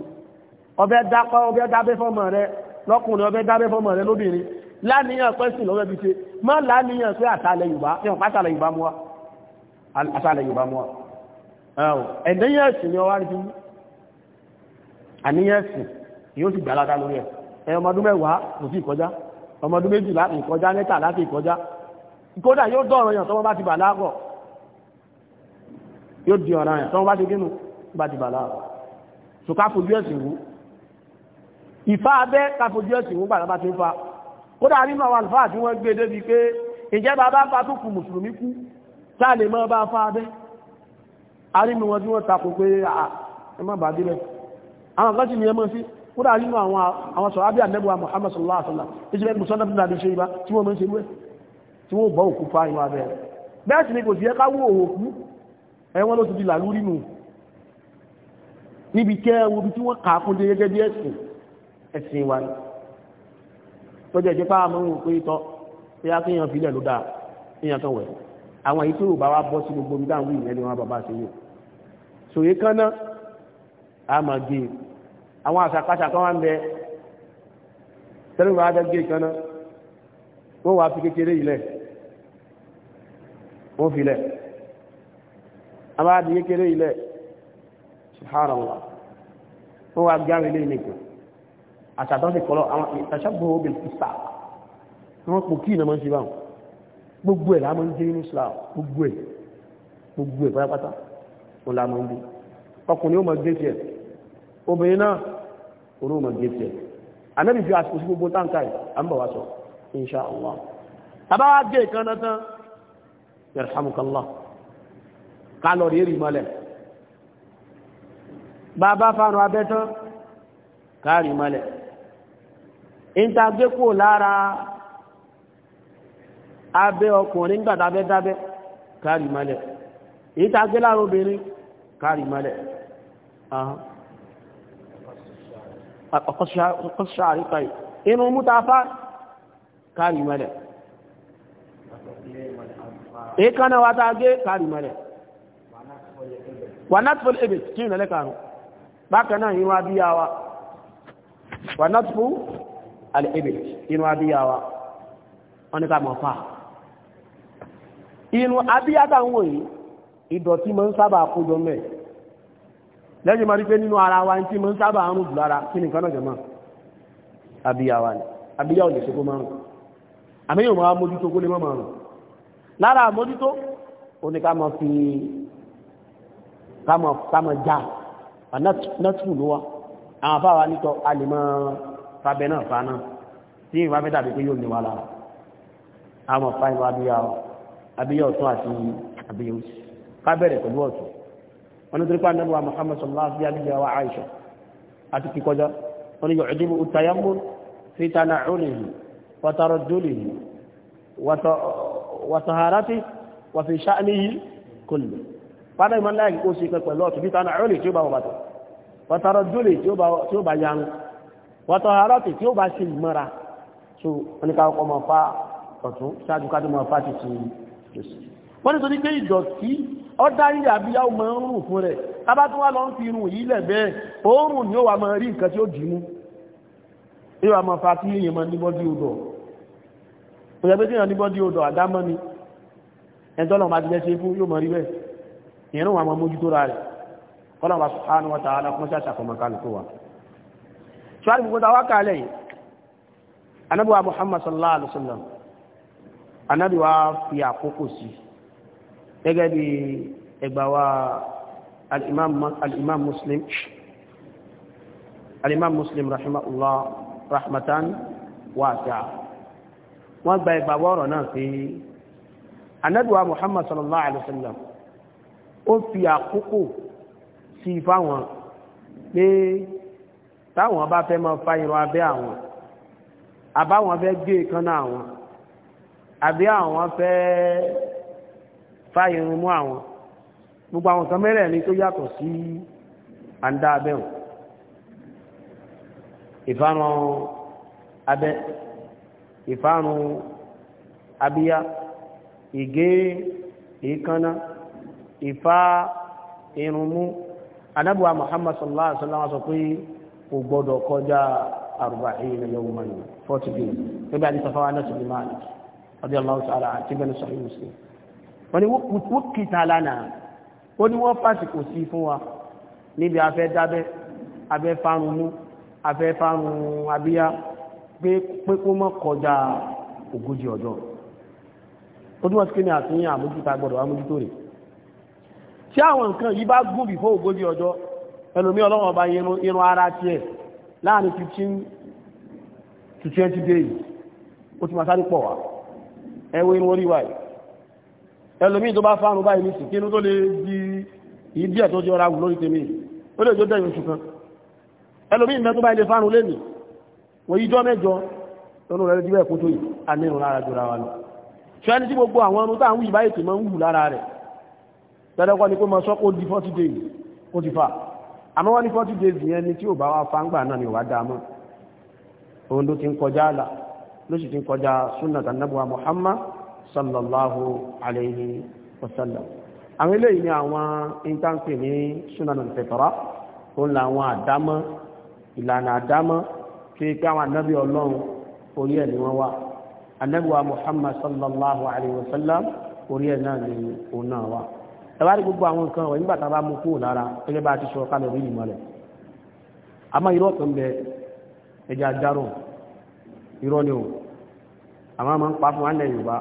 ọbẹ̀ dápọ̀ ọbẹ̀ dábẹ́ fọ́mọ rẹ lọ́kùnrin ọbẹ̀ dábẹ́ fọ́mọ rẹ lóbìnrin láníyàn pẹ́ sìn lọ́wọ́ ibi ṣe má láníyàn pé àtàlẹ̀ yorùbá fi hàn pátàlẹ̀ yorùbá mú wa àtàlẹ̀ yorùbá mú wa ẹ̀dẹ́yẹ̀sìn ni ọwá rí àníyàn sìn yóò sì gbàládá lórí ẹ̀ ẹ ọmọdún mẹ́wàá kò sí ìkọjá ọmọdún méjìlá kò kọjá mẹ́ta láti ìkọjá kódà yóò dọ̀rọ̀ yàn tọ́wọ́ bá ti bà láàgọ̀ yóò di ọ̀rọ̀ yàn tọ́wọ́ bá ti gínú bá ti bà láàgọ̀ so ká fojú ẹ̀sìn wú ìfá abẹ́ ká fojú ẹ̀sìn wú gbàgbà ti ń fa kódà nínú àwọn àlùfáà tí wọ́n gbé débi pé ìjẹba bá fa tó kù mùsùlùmí kú sáà lè mọ́ bá fa abẹ́ arínú wọn tí wọ́n takò pé ẹ má bàá délẹ̀ àwọn kan sì ní ẹ sí kódà nínú àwọn sọ̀rábíà nẹ́bùwa Muhammad sallallahu alaihi wasallam ìṣẹ́lẹ̀ musamman bí nàbí ṣe ibá tí wọ́n mọ́ ṣe wé tí wọ́n bọ́ òkú fa ìwà bẹ̀rẹ̀ bẹ́ẹ̀ sì ni kò sí ẹ káwọ́ òkú ẹwọ́n ló ti di làlúrí nù níbi kẹ́ wo bí tí wọ́n kà kún dé gẹ́gẹ́ bí ẹ̀sìn ẹ̀sìn wa tó jẹ́ jẹ́ pá mọ́ òun pé tọ́ pé á kéèyàn filẹ̀ ló dáa kéèyàn kan wẹ̀ àwọn èyí tó rò bá wá bọ́ sí gbogbo mi dáhùn ìyẹn ni wọ́n a máa gbé e àwọn àṣàkáṣà kan wá ń bẹ tẹ́lẹ̀wà adágbé ìkaná wọ́n wà fi kékeré ilẹ̀ wọ́n filẹ̀ a máa di kékeré ilẹ̀ subhanallah wọ́n wà gbá ilé nìkan àṣàtọ́ sí kọlọ àwọn ìtàṣàbò obìnrin fìsà wọ́n pò kí ìnàmọ́ sí bá wọn gbogbo ẹ̀ láàmọ́ ń jẹ́ inú islam gbogbo ẹ̀ gbogbo ẹ̀ pátápátá wọn ń bí ọkùnrin ó mọ̀ gbé obìnrin náà oró ma gẹ́tẹ̀ anábì fi àsìkò sí gbogbo táǹkà yìí a ń bọ̀ wá sọ insha allah tàbá wá gé ìkan náà tán yarhamukallah ká ká rí mọ́lẹ̀ abẹ́ ọkùnrin obìnrin àkọ́kọ́ ṣàrí pa inú mú ta fá kárì mẹ́lẹ̀ èékánná wa ta gé kárì mẹ́lẹ̀ wà nátfúl ebe kí ìrìnlẹ̀ kàánù bákan náà inú abíyáwa wà nátfúl al'ebe inú abíyáwa wọ́n ni ká mọ̀ fà lẹ́yìn ma rí pé nínú ara wa tí mo ń sábà ń rùn lára kí nìkan náà jẹmọ́ àbíyàwó ni àbíyàwó lè ṣe kó márùn àmìyàn máa mójútó kó lè mọ́ márùn lára mójútó ó ní ká mọ̀ fi kámọ̀ já nọ́tùkù ló àwọn afáwa nítọ́ a lè mọ́ fabẹ náà fa náà tí ìwà fẹ́ dàbí pé yóò ní wa lára àwọn fáìmù àbíyàwó àbíyàwó tún àti àbíyàwó ká bẹ̀rẹ̀ pẹ̀lú ọ̀tún wọn nítorí pé anábíwá Muhammad sallallahu alaihi wa sallam Aisha àti kíkọjá wọn ni yóò dín utayammum fi tana'ulihi wa tarajjulihi wa taharatihi wa fi sha'nihi kullu ìmọ̀ láì kó sí pẹ̀lú ọ̀tún bí tana'ulihi tí ó bá wọ bàtà tí ó bá yanu wọ́n nítorí pé ìdọ̀tí ọdárí àbíyáwó máa ń rùn fún rẹ̀ tábá tó wá lọ ń fi irun yìí lẹ̀bẹ́ oòrùn ni ó wà máa rí nǹkan tí ó dì mú yóò wà máa fa tí èèyàn máa níbọ́ dí odò kò yẹ pé tí èèyàn níbọ́ dí odò àdámọ́ ni ẹjọ́ lọ́wọ́ máa ti lẹ́sẹ̀ fún yóò máa rí bẹ́ẹ̀ ìrún wà máa wa subhanahu wa ta'ala kún sí àṣàkọmọ̀kálù tó wà ṣwárí gbogbo tàwa kalẹ̀ yìí anábíwá Muhammad fi àkókò sí gẹ́gẹ́ bí ẹgbàwà al'imam muslim al'imam muslim rahimahullah rahmatan wasi'a wọ́n gba ẹgbàwà ọ̀rọ̀ náà sí anáduwa muhammad sallallahu alaihi wasallam ó fi àkókò sí fáwọn pé táwọn bá fẹ́ máa fa irun abẹ́ àwọn àbáwọn fẹ́ gbé ìkan náà àwọn àbí àwọn fẹ́ fáyẹrun mú àwọn gbogbo àwọn kan mẹ́rẹ̀ ní tó yàtọ̀ sí àndá abẹ́hùn ìfárun abẹ́ ìfárun abíyá ìgé èékánná ìfá irun mú Muhammad sallallahu alaihi wasallam sọ pé kò gbọdọ̀ kọjá arba'ina yawman 40 days nígbà ní náà ti bí máa ní ọdí Allah ta'ala àti bẹ́ẹ̀ ní sahih wọ́n ni wókìtà lánàá ó ní wọ́n fàṣìkò sí fún wa níbi afẹ́ dábẹ́ abẹ́ fárun mú afẹ́ fárun abíyá pé pé kó mọ́ kọjá ogójì ọjọ́ ó túnmọ̀ sí kí ni àfihàn àmójúta gbọ́dọ̀ àmójútó rẹ̀ tí àwọn nǹkan yìí bá gùn bí fún ogójì ọjọ́ ẹlòmí ọlọ́wọ́n irun ara tiẹ̀ láàrin 15 to 20 days ó ti máa sáré pọ̀ wá ẹwọ irun orí wáyìí ẹlòmíì tó bá fáàrùn báyìí ní sìnkínú tó lè di ìdí ẹ̀ tó jẹ́ ọ̀rá wù lórí tèmi ó lè jó dẹ̀yìn oṣù kan ẹlòmíì mẹ́ tó báyìí lè fáàrùn lé nì wọ́n yíjọ́ mẹ́jọ lọ́nà rẹ̀ díbẹ̀ kó tó yìí a ní ìrùn lára jọra wa lọ ṣe ẹni tí gbogbo àwọn ni kó mọ sọ́ kó di ni tí ò bá wá fáńgbà náà ni ò wá sallallahu alayhi wa sallam àwọn eléyìí ni àwọn intanse ní sunanu fẹtọrọ ó ń la àwọn àdámọ́ ìlànà àdámọ́ kí káwọn anábì ọlọ́run orí ẹ̀ ni wọ́n wá anábì wa muhammad sallallahu alayhi wa sallam orí ẹ̀ náà ni òun náà wá ẹ̀wá rí gbogbo àwọn nǹkan wọ̀nyí gbàtà bá mú kúrò lára gẹ́gẹ́ bá a ti sọ ká lọ rí ìmọ̀ àmọ́ irọ́ kan bẹ ẹja dárò irọ́ ni o àmọ́ máa ń pa fún wa ní Yorùbá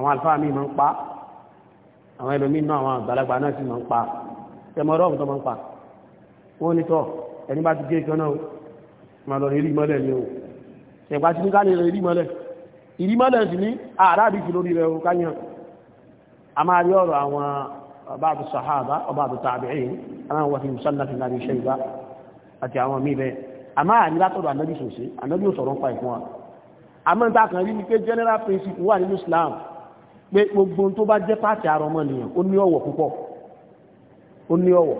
àwọn àlùfáà míì máa ń pa àwọn ẹlòmíì náà àwọn àgbàlagbà náà sì máa ń pa tẹmọ ọdọ ọ̀tọ́ máa ń pa wọ́n ní tọ́ ẹni bá ti gé ìkan náà máa lọ rí mọ́lẹ̀ ni o ṣẹ̀gbá ti ní ká lè rí mọ́lẹ̀ ìrí mọ́lẹ̀ sì ní àràbí fi lórí rẹ̀ o káyàn a máa rí ọ̀rọ̀ àwọn ọba àti sàhábà ọba àti tàbíìn aláwọ̀ fi musalla fi láti iṣẹ́ ìgbà àti àwọn míì bẹ́ẹ̀ a máa ní látọ̀dọ̀ anábì sòsí anábì ò sọ̀rọ̀ ń pa ìfún wa a máa kan rí ni pé general principle wà nínú Islam pé gbogbo tó bá jẹ́ pàtì ara ọmọnìyàn ó ní ọ̀wọ̀ púpọ̀ ó ní ọ̀wọ̀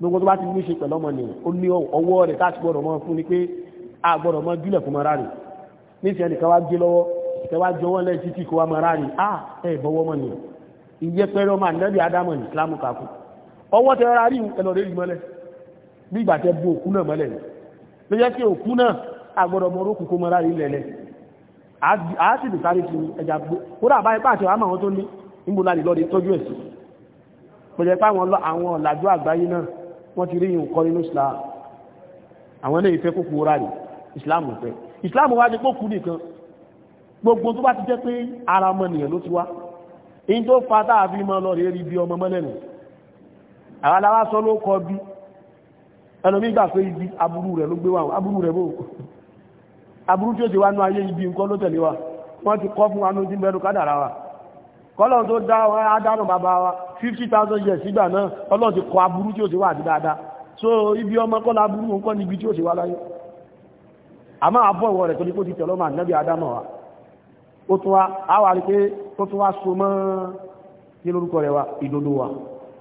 gbogbo tó bá ti ní ṣe pẹ̀lú ọmọnìyàn ó ní ọwọ́ rẹ̀ káàkiri gbọ́dọ̀ mọ́ fún ni pé a gbọ́dọ̀ mọ́ jùlẹ̀ fún mara rẹ̀ níṣẹ́ nìkan wá gé lọ́wọ́ ìkẹ́ wá jọ wọ́n lẹ́ títí kó wá mara rẹ̀ a ah, ẹ̀ bọ́wọ́ ọmọnìyàn ìyẹ́ pẹ́rẹ́ ọmọ ànẹ́bí adámọ̀ ní islamu kakú ọwọ́ tẹ rárá rí ẹlọ́rẹ́ rí mọ́lẹ̀ bí ìgbà tẹ bú òkú náà mọ́lẹ̀ ló jẹ́ kí òkú náà agbọ́dọ̀ mọ́ kó mara rí lẹ́lẹ́ àásìdì sáré ti ẹjà gbó kódà bá ipá àti àmà àwọn tó ní ìmúlá ìlọ́dẹ tọ́jú ẹ̀sì pẹ̀lẹ̀ pá àwọn ọ̀làjú àgbáyé náà wọ́n ti rí nǹkan nínú Islam àwọn ilé ìfẹ́ kókò rà rí Islam fẹ́ Islam wá ti kókù nìkan gbogbo tó bá ti jẹ́ pé ara ọmọ nìyàn ló ti wá in tó fa táàbí mọ́ lọ rí bí ọmọ mọ́lẹ́nu àwọn aláwá sọ ló kọ bí ẹlòmí gbà pé ibi aburú rẹ̀ ló gbé wà aburú aburú tí ó ti wá ní ayé ibi nǹkan ló tẹ̀lé wa wọ́n ti kọ́ fún wa ní ti bẹ̀rù kádàrà wa kọ́lọ̀ tó dá wọn adánù bàbá wa 50,000 years sígbà náà ọlọ́ ti kọ aburú tí ó ti wá àti dáadáa so ibi ọmọ kọ́lá aburú nǹkan níbi tí ó ti wá láyé àmọ́ àbọ̀ ìwọ̀ rẹ̀ tó ní kó ti tẹ̀lọ́mà nẹ́bí adámọ̀ wa ó tún wá àwárí pé ó tún wá so mọ́ kí lórúkọ rẹ̀ wa ìdodo wa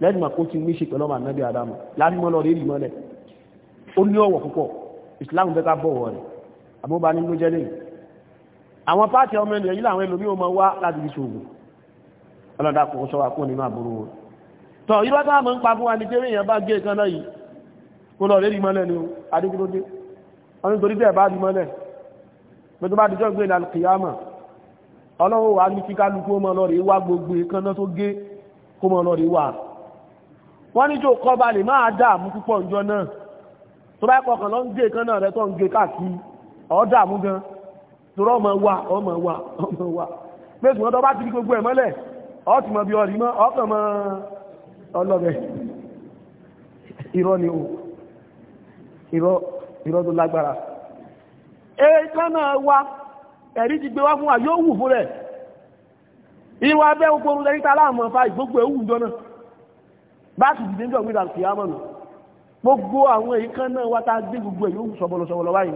lẹ́yìn mà kó ti ní ṣe tẹ̀lọ́mà nẹ́bí adámọ̀ láti mọ́ lọ rí ìmọ́lẹ̀ ó ní ọ̀wọ̀ púpọ̀ ìsìláàmù bẹ́ká bọ̀wọ̀ rẹ̀ àbúbá ní ló jẹ́lẹ̀ àwọn pàtí ọmọ ènìyàn yìí láwọn ẹlòmí ọmọ wá láti fi ṣògùn ọlọ́dàkùn kó sọ́wà kúrò nínú àbúrò wọn tọ̀ irọ́ tá mọ́ ń pa fún wa ní tẹ́rẹ èèyàn bá gé ìkan náà yìí kó lọ lérí mọ́lẹ̀ ni wa ní kí kálukú ọmọ lọ rí wá gbogbo ìkan náà tó wọ́n ní jò kọ́ balẹ̀ máa dààmú púpọ̀ ìjọ náà tó bá kọkàn lọ ń gé ìkan náà rẹ tó ń gé káàkiri ọ̀dàmú gan tó rọ́ ọmọ wa ọmọ wa ọmọ wa pẹ́sù wọn tó bá ti rí gbogbo ẹ̀ mọ́lẹ̀ ọ́tí mọ̀ bí ọ̀rí mọ́ ọkàn mọ́ ọlọ́bẹ̀ irọ́ ni o irọ́ tó lágbára ẹ̀ẹ́kánná wa ẹ̀rí ti gbé wá fún wa yóò wù fún rẹ̀ ìwà abẹ́ òpórú lẹ́ríta aláàmọ́ fa ìgbógbò ẹ̀wù jọna bá ti dìde jọ gbé gbogbo àwọn èèkánná wa ta gbé gbogbo ẹ̀ yóò wù sọ̀bọ̀lọ̀sọ̀bọ̀lọ̀ báyìí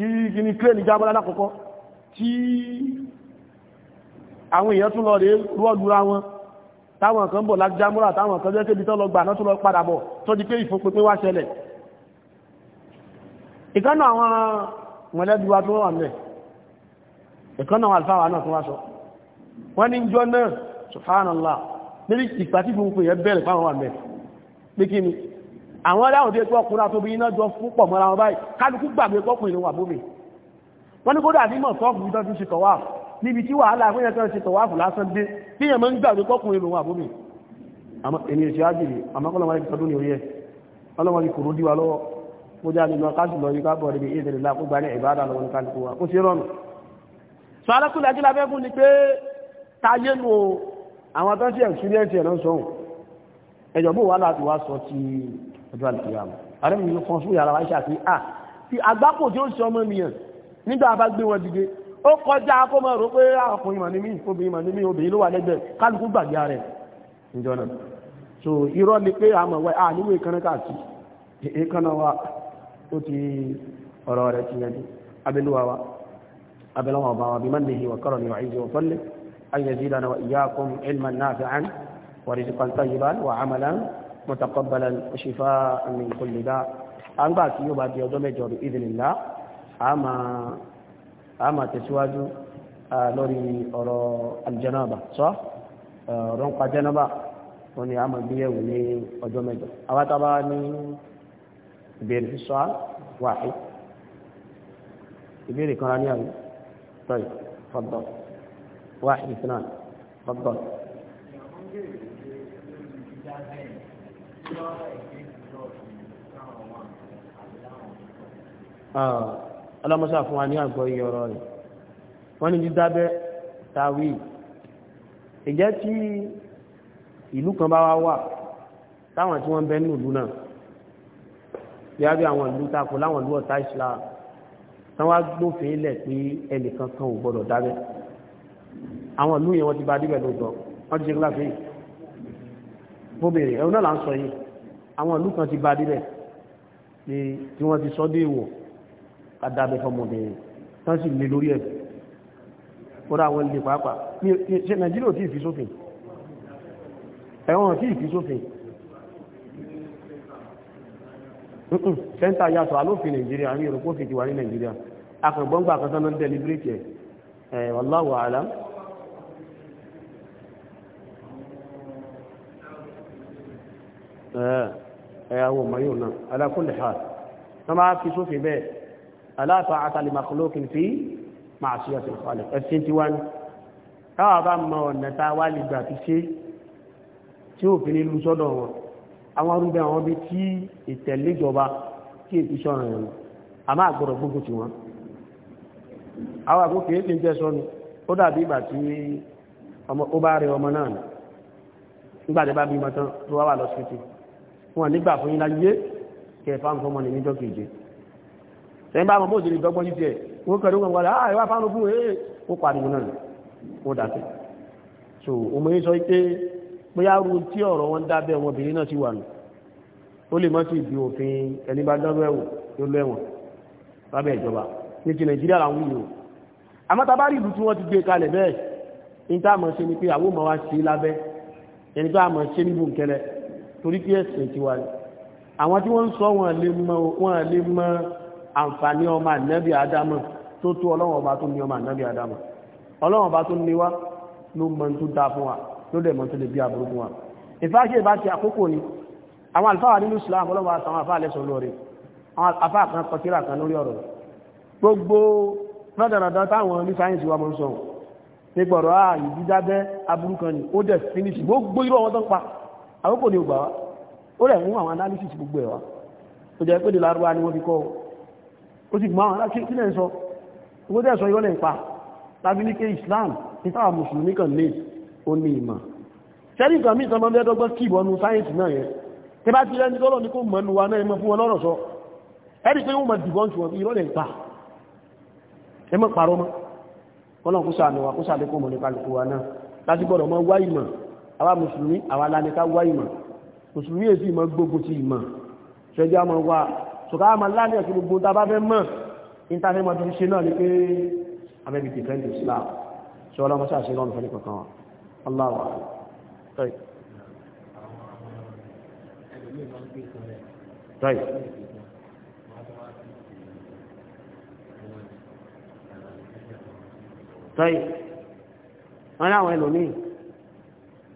tí gini crane jábọ́ lálákọ̀ọ́kọ́ tí àwọn èèyàn tún lọ rẹ̀ rọ́ọ̀lúra wọn táwọn kan bọ̀ láti jámúra táwọn kan jẹ́ kébi tó lọ gbà náà padà bọ̀ tó di pé ìfòpinpin wá ṣẹlẹ̀ ìkánà àwọn mọ̀lẹ́bí wa tó wà mẹ́ ìkánà àwọn alfáwà náà tún wá sọ wọ́n ní jọ náà subhanallah níbi ìpàtí gbogbo yẹn bẹ̀rẹ̀ fáwọn àwọn aláwọ̀ dé pé ọkùnrin àti obìnrin náà jọ púpọ̀ mọ́ra wọn báyìí kálukú gbàgbé pọ́kùnrin ló wà bóbè wọ́n ní kódà nímọ̀ tọ́ọ̀fù ìtọ́ ti ṣe tọ̀wáàfù níbi tí wàhálà àpéyàn kan ṣe tọ̀wáàfù lásán dé tí èèyàn máa ń gbàgbé pọ́kùnrin ló wà bóbè èmi ìṣẹ́ ájìrì àmọ́kọ́lọ́mọ́lẹ́ ti tọdún ní orí ẹ̀ ọlọ́mọ́lẹ́ kòrò díwa lọ́wọ́ mo jáde lọ káàsì lọ yíká bọ̀ rí ìdẹ̀rẹ̀ láàkó gba ní ìbádà lọ́wọ́ ní kálukú wa ó sí rọrùn sọ alákùnrin ajílá fẹ́ fún ni pé táyé nu àwọn tó ń ṣe experience ẹ̀ lọ́sọ̀hún ẹ̀jọ̀ bó wà láti wá sọ ti ọjọ́ àlùkìyàmù ààrẹ mi ló kan fún yàrá wa ṣàfi à ti àgbákò tí ó ṣe ọmọ nìyàn nígbà bá gbé wọn dìde ó kọjá kó mọ̀ rò pé ọkùnrin mà ní mí obìnrin mà ní mí obìnrin ló wà lẹ́gbẹ̀ẹ́ kálukú gbàgbé rẹ̀ níjọ náà so irọ́ ni pé àmọ̀ wẹ̀ à níwò ìkànnì káàkiri èékánná wa ó ti ọ̀rọ̀ rẹ̀ ti yanjú abẹ́lúwa wa mutaqabbalan shifaan min kulli da a ń gbà tí yóò bá di ọjọ́ mẹ́jọ rí idhnillah a máa tẹ̀síwájú lórí ọ̀rọ̀ aljanaba sọ ọ̀rọ̀ ń pa janaba wọn ni a máa gbéyẹ̀wò ní ọjọ́ mẹ́jọ àwọn tábà ní ìbéèrè sísọ wáhí ìbéèrè kan ní àwọn طيب تفضل واحد اثنان تفضل Ah, ọlọ́mọṣà fún wa ní àgbọ̀ iye ọ̀rọ̀ rẹ̀ wọ́n ní dídábẹ́ tàwí ìjẹ́ tí ìlú kan bá wá wà táwọn tí wọ́n bẹ ní ìlú náà bí a bí àwọn ìlú takò láwọn ìlú ọ̀tá Islam tán wá gbófin ilẹ̀ pé ẹnìkan kan ò gbọ́dọ̀ dábẹ́ àwọn ìlú yẹn wọ́n ti bá díbẹ̀ àwọn ìlú kan ti bá dílẹ̀ tí wọ́n ti sọ dé ìwọ̀ adábẹ́ fọmọbìnrin tán sì lè lórí ẹ̀ kódà àwọn ilé pàápàá ṣe nàìjíríà tí ìfisófin ẹ̀wọ̀n tí ìfisófin sẹ́ńtà yàtọ̀ alófin nàìjíríà ní ìrùkó fi ti wà ní nàìjíríà akọ̀gbọ́ngbà kan sánà deliberate Eh, wallahu alam Yeah ẹ̀yàwó mayo náà ala kulli hal wọ́n máa fi sófin bẹ́ẹ̀ ala ta'ata li makhluqin fi ma'siyatil khaliq ẹ̀sìn tí wọ́n táwà bá mọ ọ̀nà tá a wá lè gbà fi ṣe tí ó fi ní lu sọ́dọ̀ wọn àwọn arúgbó àwọn bí tí ìtẹ̀lé ìjọba kí èkú sọ̀rọ̀ ẹ̀rọ àmọ́ àgbọ̀rọ̀ gbogbo tí wọ́n àwọn àkókò èkó ń jẹ́ sọ́nu ó dàbí ìgbà tí ó bá rí ọmọ náà nígbà tí bá bímọ tán tó wá wà lọ́sítì wọn nígbà fún yín láyé kẹfà ń fọmọ ní níjọ́ keje ẹ̀yìn bá mọ̀ bó ṣe lè dọ́gbọ́n yìí tiẹ̀ wọ́n kẹ̀rù wọn wọlé àà ìwà fáwọn fún èé ó pariwo náà ó dàtẹ̀ so ọmọ yìí sọ pé bóyá ru tí ọ̀rọ̀ wọn dábẹ́ ọmọbìnrin náà ti wà nù ó lè mọ́ sí ìdí òfin ẹni bá dánwó ẹ̀wò tó lọ ẹ̀wọ̀n lábẹ́ ìjọba a bá rí ìlú tí wọ́n ti gbé kalẹ̀ bẹ́ẹ̀ a mọ̀ ṣe ni pé àwọn ò a mọ̀ ṣe torí pé ẹ̀sìn ti wà ní àwọn tí wọ́n ń sọ wọn lè mọ àǹfààní ọmọ ànábì Ádámù tó tó ọlọ́run ọba tó ní ọmọ ànábì Ádámù ọlọ́run ọba tó ní wá ló mọ tó dá fún wa ló dẹ̀ mọ tó lè bí aburú fún wa ìfáṣẹ́ ìbá ti àkókò ni àwọn àlùfáà nínú Islam ọlọ́run àtàwọn àfáà lẹ́sọ̀ lórí àwọn àfáà kan kọtíra kan lórí ọ̀rọ̀ gbogbo rọ́dọ̀rọ̀dọ̀ wa mọ́ sọ̀rọ̀ nígbọ̀rọ̀ ààyè dídábẹ́ finish gbogbo irú ọwọ́ àwọn kò ní ọgbà wá ó rẹ̀ mú àwọn analysis gbogbo ẹ̀ wá ó jẹ́ pé dìlárúwá ni wọ́n fi kọ́ ó sì mọ́ àwọn aláṣẹ́ sílẹ̀ ń sọ owó tẹ́ sọ ìrọ́lẹ̀ ìpa lábílíkẹ́ Islam ní táwà mùsùlùmí kan ní ó ní ìmọ̀ sẹ́rí nǹkan mí sọmọ bẹ́ẹ̀ dọ́gbọ́n kí ìbọnú sáyẹ́ǹsì náà yẹn tí bá ti rẹ́ni tọ́lọ̀ ní kó mọ̀nù wa náà ẹmọ fún wọn lọ́rọ̀ sọ ẹ̀rí pé wọ́n mọ̀ dìbọn tù wọn ìrọ́lẹ̀ ìpa ẹmọ pàrọ́ mọ́ kọ́lọ̀ kó sàánú wa kó sàlékò mọ̀ nípa lùkù wa náà láti gbọ́dọ̀ mọ́ wá ìmọ̀ àwa mùsùlùmí àwa lánìká wá ìmọ̀ mùsùlùmí èsì ìmọ̀ gbógun ti ìmọ̀ ṣẹjọ́ àmọ́ wa ṣùgbọ́n àmọ́ láàrin ẹ̀sùn gbogbo tá a bá fẹ́ mọ̀ ìtàfẹ́ mọ̀ tó ṣe náà ni pé abẹ́bí defend Islam ṣe ọlọ́mọ sáà ṣe lọ́nà fẹ́lẹ̀ kankan wa Allahu akbar tọ́yì wọ́n ní ẹlòmíì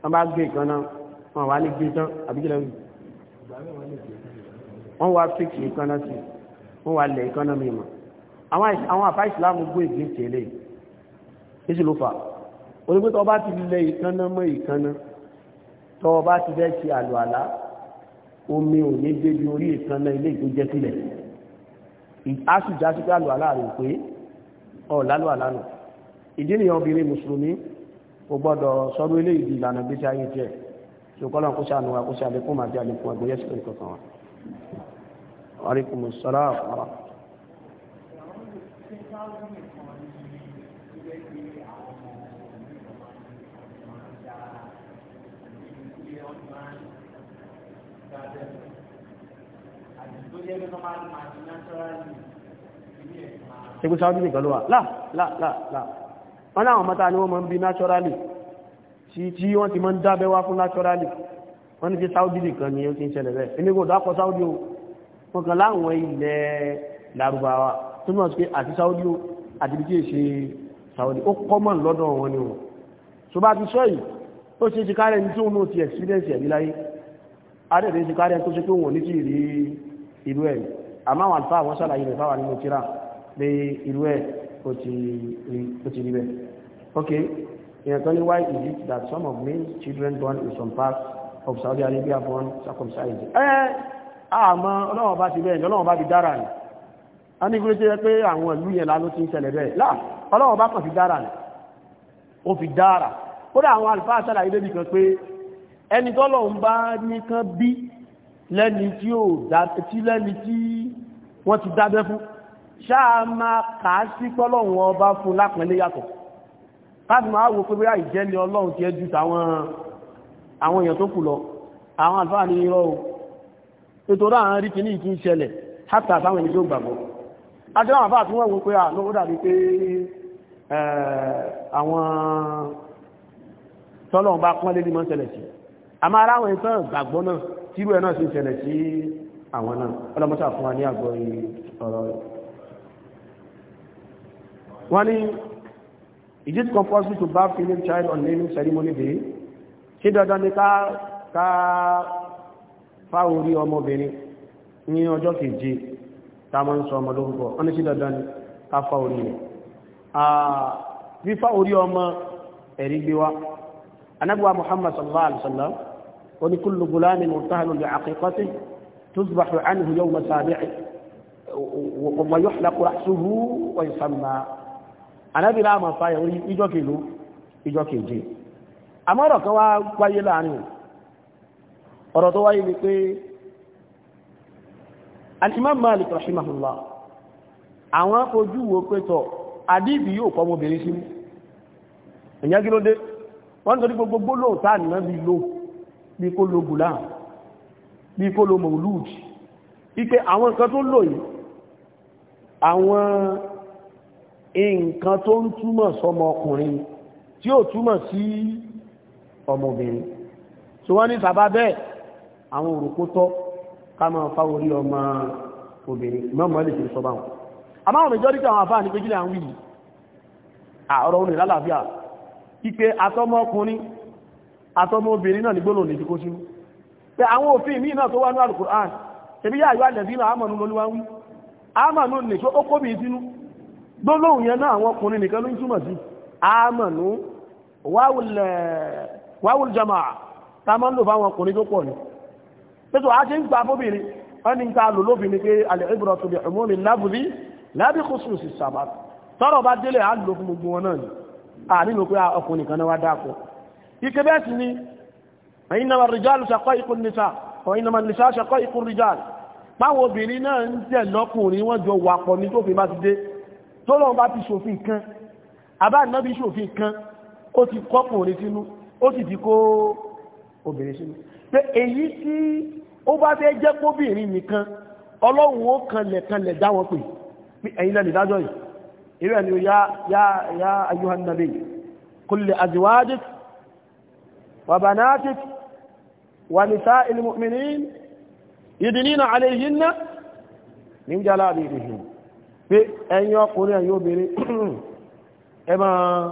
wọ́n bá gbé ìkan náà wọ́n wá ní gbé tán àbíkílẹ̀ wí. wọ́n wá fíkì ìkan náà sí wọ́n wá lẹ̀ ìkan náà mímọ́ àwọn àfá ìsìláàmù gbé ìgbé tẹ̀lé ìsì ló fà onígbé tó bá ti lẹ̀ ìkan náà mọ́ ìkan náà tó bá ti fẹ́ ṣe àlùàlá omi ò ní gbé bí orí ìkan náà ilé ìgbójẹ́ sílẹ̀ ìásùjásí pé àlùàlá rẹ̀ pé ọ̀lálùàlá nù ìdí nìyàn obìnrin mùsùlùmí kò gbọ́dọ̀ sọ́rọ́ ilé ìdí ìlànà gbèsè ayé tiẹ̀ ṣùkọ́lọ̀ kó ṣàánú wa kó ṣàlékún àti àlékún àgbóyè sí ìkọ̀ kan wa. wàlíkùmù sọ́lá àkọ́rọ̀. ṣe kó sáwọ́dún wọ́n láwọn mọ́ta ni wọ́n mọ́ bí naturally tí wọ́n ti mọ́ ń dábẹ́ wá fún naturally wọ́n ní fi Saudi nìkan ni ó ti ń ṣẹlẹ̀ rẹ̀ inú kò dákọ̀ Saudi o wọ́n kan láwọn ilẹ̀ Lárúbáwá tó mọ̀ sí pé àti Saudi o àti bí kí èṣe Saudi ó common lọ́dọ̀ wọn ni wọn tó bá ti sọ yìí ó ṣe ti kárẹ̀ ní tí òun ti experience ẹ̀mí láyé adẹ́rẹ́ ti kárẹ̀ tó ṣe pé wọn ní tí rí irú ẹ̀ àmáwọn àlfà wọn ṣàlàyé rẹ̀ fáwọn nínú tíra pé irú ẹ̀ ó ti rí bẹ́ẹ̀. ok ìyẹn why is it that some of men's children born in some parts of Saudi Arabia born circumcised. ẹ àmọ́ ọlọ́wọ́n bá ti bẹ́ẹ̀ ni bá ti dára ni a ní gbé jẹ́ pé àwọn ìlú yẹn lálọ́ ti ń ṣẹlẹ̀ bẹ́ẹ̀ láà ọlọ́wọ́n bá kàn fi dára ni ó fi dára kódà àwọn àlùfáà sálàyé débi kan pé ẹni tọ́lọ̀ ń bá nìkan bí lẹ́ni tí ó dá tí lẹ́ni tí wọ́n ti dábẹ́ fún ṣáà máa kà á sí pọ́lọ́run ọba fún lápẹ́lẹ́ yàtọ̀ káàdì máa wo pé bóyá ìjẹ́lẹ̀ ọlọ́run ti ẹjú tàwọn àwọn èèyàn tó kù lọ àwọn àlfáà ní irọ́ ètò náà ń rí kí ní ìkí ń ṣẹlẹ̀ hátà àtàwọn ènìyàn tó gbàgbọ́ ajọ́ àwọn àfáà tún wọ́n wo pé à lówó dàbí pé àwọn tọ́lọ́run bá fún wa ní àgbọ̀ ọ̀rọ̀ wọ́n ní is it compulsory to bath female child on naming ceremony day ṣé dandan ni ká ká fá orí ọmọbìnrin ní ọjọ́ keje tá a máa ń sọ ọmọ lórúkọ wọ́n ní ṣé dandan ni ká fá orí rẹ̀ fífá orí ọmọ ẹ̀rí gbé wá anábíwá muhammad sallallahu alaihi wasallam ó ní kullu gulamin murtahalun bi aqiqatihi tuzbahu anhu yawma sabi'i wa yuhlaqu ra'suhu wa yusamma anábìnrin àmọ̀ fàyẹ̀ orí ìjọ kèlú ìjọ kèje àmọ́rọ̀ kan wá wáyé láàrin ọ̀rọ̀ tó wáyé ni pé al-Imam Malik rahimahullah àwọn afojú wo pẹ́tọ̀ àdíbì yóò kọ́ ọmọbìnrin sí ẹ̀yà kí ló dé wọ́n tó ní gbogbo gbólóòtà nìna nǹkan tó ń túmọ̀ sọmọ ọkùnrin tí ó túmọ̀ sí ọmọbìnrin tí wọ́n ní bàbá bẹ́ẹ̀ àwọn òrùkótọ́ ká máa fa orí ọmọ obìnrin mọ́mọ́ lè fi sọ́bà wọn àmọ́ àwọn majority àwọn àfáà ní pé jílẹ̀ àwọn yìí àọ̀rọ̀ orin lálàáfíà ipe atọ́mọ ọkùnrin atọ́mọ obìnrin náà ní gbólóhùn ní ìdíkó sínú pé àwọn òfin wí gbólóhùn yẹn náà àwọn ọkùnrin nìkan ló ń túmọ̀ sí àmọ̀nú wáwùl jama'a ta máa ń lò fáwọn ọkùnrin tó pọ̀ ní pẹ́tọ̀ a ṣe ń gbà fóbìnrin wọ́n ni ń ta lò lóbìnrin pé bi umumi lábùbí lábí khususi sabat tọ́rọ̀ bá délé à ń lò fún gbogbo wọn náà ni a nínú pé ọkùnrin kan náà wá dákọ̀ ike bẹ́ẹ̀ ni innama rijalu shaqaiqun nisa wa tó fi bá ti dé tọ́lọ́run bá ti ṣòfin kan àbá ànábì ṣòfin kan ó ti kọ́kùnrin sínú ó sì ti kó obìnrin sínú pé èyí tí ó bá fẹ́ jẹ́ kóbìnrin nìkan ọlọ́run ó kanlẹ̀ kanlẹ̀ dá wọn pè ẹ̀yin lẹ́nu ìdájọ́ yìí irú ẹni ya ya ya ayuhan nabi kulli azwajik wa banatik wa pé ẹ̀yin ọkùnrin ẹ̀yin obìnrin [CLEARS THROAT] ẹ máa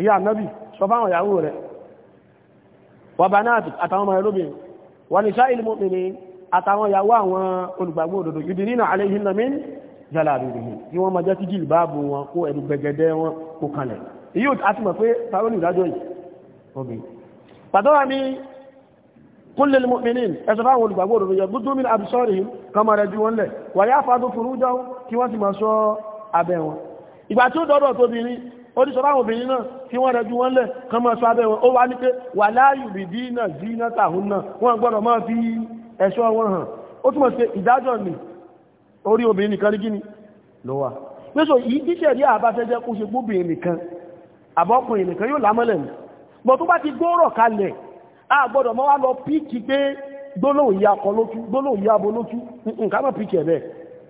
ìyá ànábì sọ fáwọn ìyàwó rẹ̀ wa banat àtàwọn ọmọ ẹlóbìnrin wa nisa'il mu'minin àtàwọn ìyàwó àwọn olùgbàgbọ́ òdodo yudinina alayhinna min jalabibihin kí wọ́n máa jẹ́ kí jìlbáàbù wọn kó ẹ̀rù gbẹ̀gẹ̀dẹ̀ wọn kó kalẹ̀ èyí ò ti mọ̀ pé tàwọn olùdájọ́ yìí obìnrin pàtọ́wà ní kullil mu'minin ẹ̀sọ́ kí wọ́n sì máa sọ abẹ́ wọn ìgbà tí ó dọ́dọ̀ tó bìnrin ó ní sọ fáwọn obìnrin náà kí wọ́n rẹjú wọn lẹ̀ kán máa sọ abẹ́ wọn ó wá ní pé wà láàyù bìbí náà sí iná tàhún náà wọ́n gbọ́dọ̀ máa fi ẹ̀ṣọ́ wọn hàn ó túnmọ̀ sí ìdájọ́ ni orí obìnrin nìkan rí gíní ló wà pẹ́sọ̀ yìí tíṣẹ̀ rí àbáfẹ́jẹ́ kó ṣe gbóbìnrin nìkan àbọ́kùnrin nìkan yóò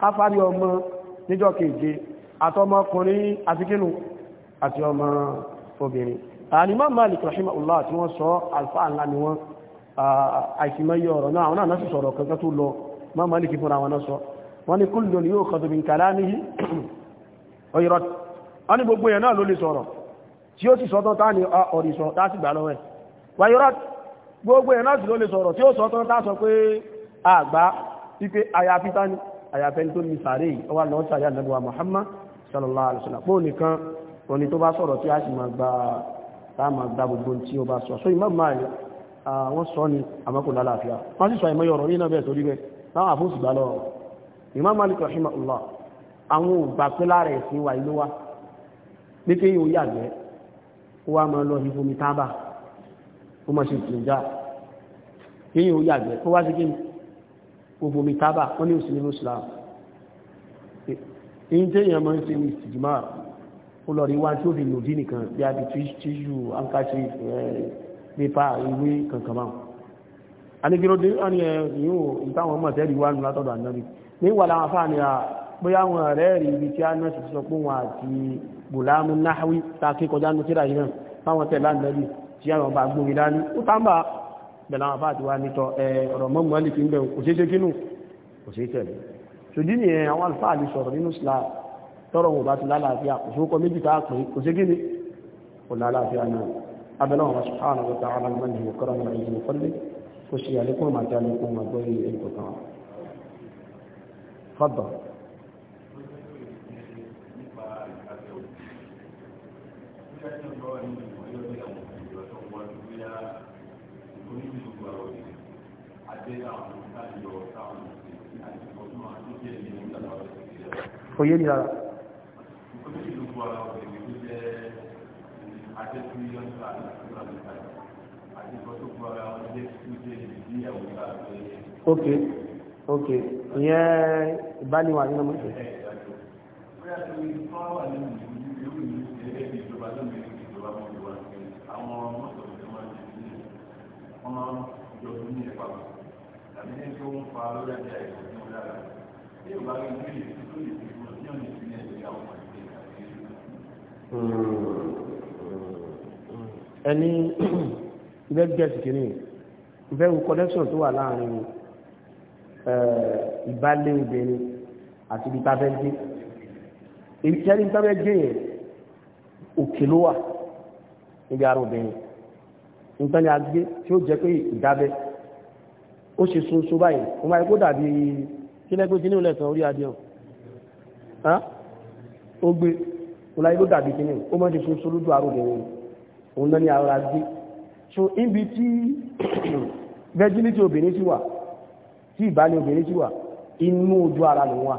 káfárí ọmọ níjọ́ keje àtọmọkùnrin àti kínú àti ọmọ obìnrin ànímọ́ Malik rahimahullah tí wọ́n sọ alfa ńlá ni wọ́n àìsìmọ́yẹ ọ̀rọ̀ náà àwọn náà sọ̀rọ̀ kankan tó lọ mọ́ Malik fúnra wọn sọ wọ́n ni kúlù ní yóò kọ̀tù bí nkàlá ní ọ̀yọ̀rọ̀ wọ́n ni gbogbo yẹn náà ló lè sọ̀rọ̀ tí ó sì sọ́tọ́ tá ní ọ̀rì sọ láti gbà lọ́wẹ́ wọ́yọ̀rọ̀ gbogbo pé àgbá pípé àyàfẹ́ tó ní sàárè ọwà lọ́ọ́ sàárè àdàbọ̀wà Muhammad sallallahu alaihi wasallam pọ́ nìkan òní tó ba soro tí a sì máa gba tá máa gba gbogbo tí ó bá sọ so Imam Malik wọ́n sọ ní àmọ́kò lálàáfíà wọ́n sì sọ Na yọ̀rọ̀ ní ìnàbẹ̀ torí bẹ́ẹ̀ láwọn àfóòsì gbà lọ́rọ̀ Imam Malik rahimahullah àwọn ògbà pé lára ẹ̀sìn wà ìlú wa pé kéyìn ó yàgbẹ́ ó wá máa lọ ìfomi tábà ó máa ṣe ìtìjà kéyìn ó yàgbẹ́ ó wá sí kéyìn gbogbo mi tábà wọ́n ní òsìn nínú islam èyí tí èèyàn máa ń ṣe ní ìsìdìmá ó lọ rí wá tí ó fi lòdì nìkan bí a bí tíṣù ankaṣe pépà ìwé kankan anigirode ọni ni yíò ìtawọn ọmọ tẹ́lì wà nù látọ̀dọ̀ ànábi ní wà láwọn ni a bóyá wọn rẹ̀ rí ibi tí a náà sì sọ pé wọn àti gùlámù náhàwí ta kí kọjá nù tíra yìí náà táwọn tẹ̀lá ànábi bẹ̀rẹ̀ àwọn àbáàdì wa nítọ ọ̀rọ̀ mọ́ Málíkì ń bẹ̀rù kò ṣeé ṣe kínú kò ṣeé tẹ̀lé ṣòdí nìyẹn àwọn àlùfáà lè sọ̀rọ̀ nínú Islam tọrọ wọn bá ti lálàáfíà kò sókọ méjì tá a pè kò ṣe kíni kò Thank you. oníbi gbogbo àwọn ènìyàn àjẹyà àwọn ìdájọ táwọn ni rárá. ok ok ìyẹn ìbániwà nínú mọ́tò. bóyá tó wọ́n máa ń jọ ní ìpapọ̀ tàbí ní tó ń fa lórí àti àìsàn tó dára bí ò bá rí ní ìlú tó lè fi wọn ní ọ̀nà ìpínlẹ̀ ìlú àwọn ìpínlẹ̀ hmm. ẹni ilé [CLEARS THROAT] gẹ̀ẹ́sì kìíní ìfẹ́ wo connection tó wà láàrin ìbálé obìnrin àti ibi tábẹ́ gbé ìṣẹ́ni tábẹ́ gbé yẹn òkè ló wà níbi ara obìnrin nǹkan ni a gbé tí ó jẹ́ pé ìdábẹ́ ó ṣe sunsun báyìí wọ́n máa kó dàbí kílẹ́gbé kí ní ìlẹ̀ kan orí adìẹ ó gbé wọ́n láyé ló dàbí kíní ó mọ́ ṣe sunsun lójú arúgbìnrin òun náà ni ara gbé so ibi tí [CLEARS THROAT] virginity obìnrin sí wà tí ìbálẹ̀ obìnrin sí wà inú ojú ara lòun wà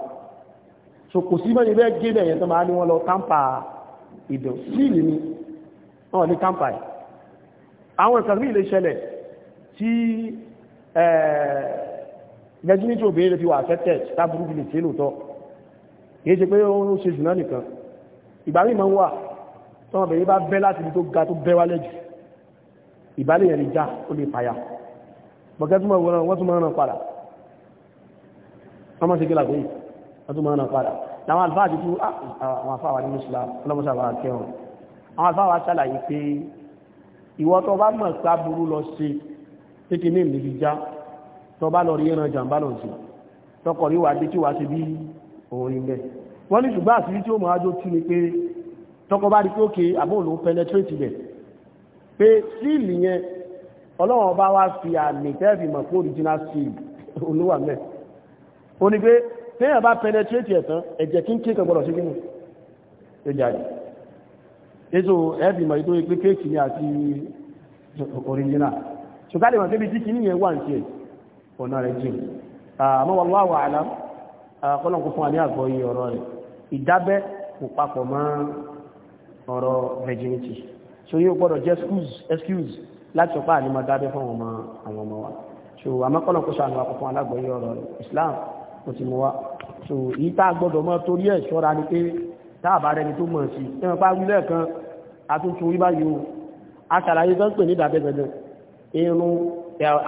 so kò sí mọ́ni bẹ́ẹ̀ gé bẹ̀yẹn tó máa ní wọ́n lọ kámpà ìdọ̀ sílì ni wọ́n ní kámpà yìí àwọn ìsànmí ilé ṣẹlẹ̀ tí virginity obìnrin lè fi wà affected tábùrú bí lè ṣe lóòtọ́ kìí ṣe pé ó ń ṣe jùlọ nìkan ìgbàrí ma ń wà tọ́wọ́n bẹ̀rẹ̀ bá bẹ́ láti ibi tó ga tó bẹ́ wálẹ̀ jù ìbálẹ̀ yẹn lè já ó lè fàyà bọ̀kẹ́ túnmọ̀ wọ́n ìwọ tó bá mọ̀ sá burú lọ sí títí ní ìlú ìjá tó bá lọ rí ẹran jàǹbá lọ sí tọkọ̀ rí wàá dé tí wàá ṣe bí òun rí mẹ́ wọ́n ní ṣùgbọ́n àṣírí tí ó mọ̀ ájó tú ni pé tọkọ bá rí pé òkè àbóòlù penetrate bẹ̀ pé síìlì yẹn ọlọ́wọ́n bá wá fi àmì tẹ́ẹ̀fì mọ̀ pé original seal olówà mẹ́ o ní pé téèyàn bá penetrate ẹ̀ ẹ̀jẹ̀ kí ń ké kan gbọ́dọ̀ sí kí ni èso ẹ̀bìmọ̀ ìtò ìpé kéèkì ní àti oríjìnà ṣùgbọ́n ìmọ̀ tẹ́bí tí kì ní yẹn wà ń ṣe ọ̀nà rẹ̀ jìn àmọ́ wallahu a'lam kọ́lọ̀kù fún àní àgbọ̀ yìí ọ̀rọ̀ rẹ̀ ìdábẹ́ kò papọ̀ mọ́ ọ̀rọ̀ virginity so yóò gbọ́dọ̀ jẹ́ excuse láti ọ̀pá àní máa dábẹ́ fún ọmọ àwọn ọmọ wa so àmọ́ kọ́lọ̀kù sànù àkọ́kọ́ alágbọ̀ yìí ọ̀rọ̀ rẹ̀ Islam kò ti mú wa so yìí tá a gbọ́dọ̀ mọ́ torí ẹ̀ ṣọ́ra ni pé táàbà rẹni tó mọ̀ sí ẹ̀wọ̀n àtúntún rí báyìí o aṣàlàyé tó ń pè ní ìdàbẹ̀gbẹ̀dẹ̀ irun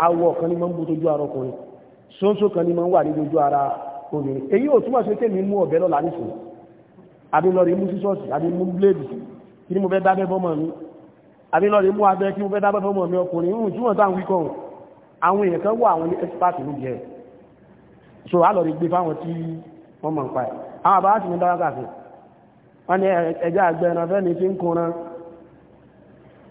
awọ kan ní mọ́ ń bú tójú ara ọkùnrin ṣóńṣó kan ní mọ́ ń wà ní ojú ara obìnrin èyí ò túmọ̀ sí pé mi mú ọ̀bẹ lọ́la nísìnyí àbí lọ́ọ̀rì mú sísọ́ọ̀sì àbí mú bléèdì kí ni mo fẹ́ dábẹ́ bọ́mọ mi àbí lọ́ọ̀rì mú abẹ́ kí mo fẹ́ dábẹ́ bọ́mọ mi ọkùnrin ń túmọ̀ sáà ń wí kọ́hùn àwọn èèyàn kan wà àwọn expert ló jẹ́ so a lọ́ọ̀rì gbé fáwọn tí wọ́n mọ̀ ń pa ẹ̀ àwọn àbáwá sì ní dáwọ́ kàfẹ́ wọ́n ní ẹja àgbẹ̀ ẹran fẹ́ni tí ń kunran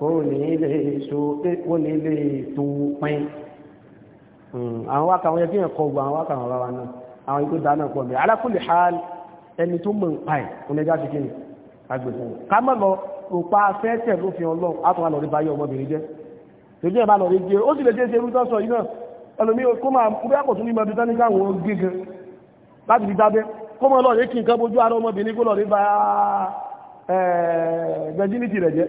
kò ní lè so pé kò ní lè tó pín àwọn wákà wọn yẹ kí yẹn kọ gbọ àwọn wákà wọn bá wa náà àwọn ikú dáná pọ̀ mẹ́ ala kulli hal ẹni tó mọ̀ ń pa ẹ̀ oníjà ti kíni agbèsè ká mọ̀ lọ òpa fẹ́ẹ̀tẹ̀ ló fi ọlọ́ àtàwọn àlọ́rí bá yọ ọmọbìnrin jẹ́ tòjú ẹ̀ bá lọ rí jẹ́ ó sì lè jẹ́ ṣe irú tọ́sọ yìí náà ẹlòmí kó máa kúrẹ́ àpọ̀tún ní mọ̀bí tání káwọn gígan láti eh, jẹ́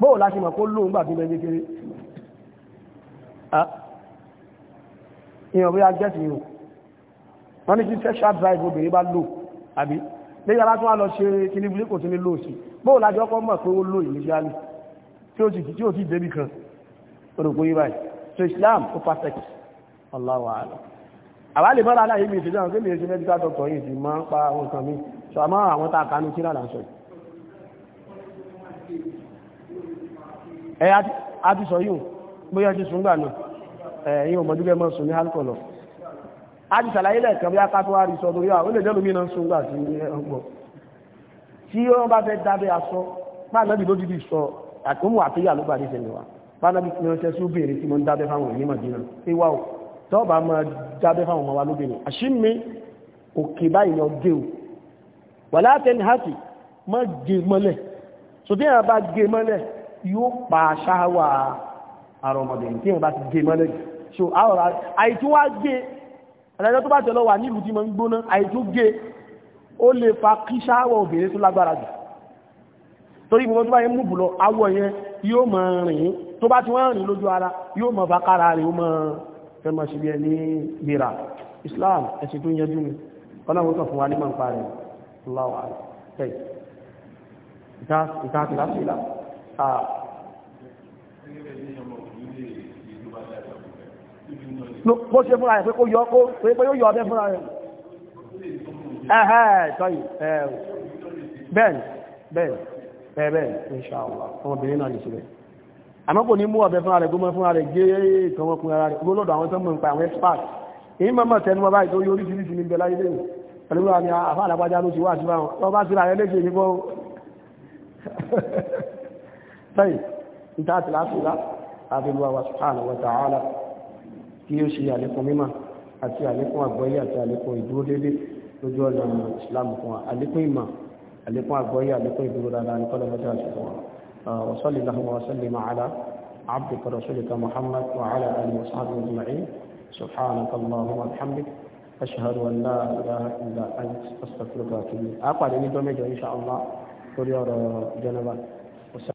bóò láti mọ̀ kó lóun gbà tó bẹ kékeré ìyàn bóyá jẹ́ sí ìrò wọ́n ní kí sexual drive obìnrin bá lò àbí lẹ́yìn aláti wọ́n lọ ṣe kíní bulé kò tún ní lóòsì bóò láti ọkọ̀ mọ̀ pé ó lò ìníṣíálì tí ó ti tí ó ti débì kan orògbó yìí báyìí so Islam ó perfect Allahu a'lam àwa lè mọ́ra aláyé mi ìṣẹ́jọ́ àwọn kémi ìṣẹ́ medical doctor yìí ẹ a ti sọ yíò bóyá ti sùn gbà náà ẹ̀yìn òmọ̀dúgbẹ́ mọ́ sùn ní alcohol lọ a ti sàlàyé lẹ́ẹ̀kan bí akátówárí sọ torí àwọn olè jẹ́lómi náà sùn gbà sí ọgbọ̀n tí wọ́n bá fẹ́ dábẹ́ aṣọ pàdánàbì ló dìbì sọ àtúnmù àtúnyà ló bàdé ṣẹlẹ̀ wa pàdánàbì ní ọ̀sẹ̀ sí obìnrin tí mo ń dábẹ́ fáwọn ìní màdínà pé wá o tọ́ọ̀bà máa yóò pa ṣáwà ara ọmọdé tí wọ́n bá ti gé mọ́lẹ̀ so àwọ̀rá àìtún wá gé ẹ̀lẹ́jọ́ tó bá tẹ̀lọ wà nílùú tí mọ́ ń gbóná àìtún gé ó lè fa kí ṣáwà obìnrin tó lágbára jù torí gbogbo tó bá yẹ múbù lọ awọ yẹn yóò mọ rìn tó bá ti wọ́n rìn lójú ara yóò mọ bá kára rìn ó mọ fẹ́ mọ́ sí bí ẹni gbéra Islam ẹ̀sìn tó yẹjú mi ọlọ́run tó fún wa ní mọ̀ ń parẹ́ ìlà ìtàkìlá sí Ah. bó ṣe fúnra rẹ̀ pé kó yọ kó pé pé ó yọ ọbẹ̀ fúnra rẹ̀ ẹ̀hẹ́ sọ́yì bẹ́ẹ̀ bẹ́ẹ̀ bẹ́ẹ̀ inṣáàlá ọmọbìnrin náà lè ṣe bẹ́ẹ̀ àmọ́ kò ní mú ọbẹ̀ fúnra rẹ̀ gómọ fúnra rẹ̀ gé ìkan ọkùnrin ara rẹ̀ gbólódò àwọn tó mọ̀ nípa àwọn expert èyí mọ́mọ́ tẹnu ọba ìtò yóò oríṣiríṣi ní bẹ̀lá ilé pẹ̀lú àmì àfáàlágbájá ló ti wá sí wọn bá síra طيب انتهت الاسئله هذه الله سبحانه وتعالى يوصي عليكم بما اتي عليكم اغويا اتي عليكم يدودي تجوا الاسلام كما عليكم بما عليكم اغويا عليكم يدودا ان قال ما شاء الله وصلى الله وسلم على عبدك ورسولك محمد وعلى اله وصحبه اجمعين سبحانك اللهم وبحمدك اشهد ان لا اله الا انت استغفرك واتوب اليك اقعد ان شاء الله قولوا جنبا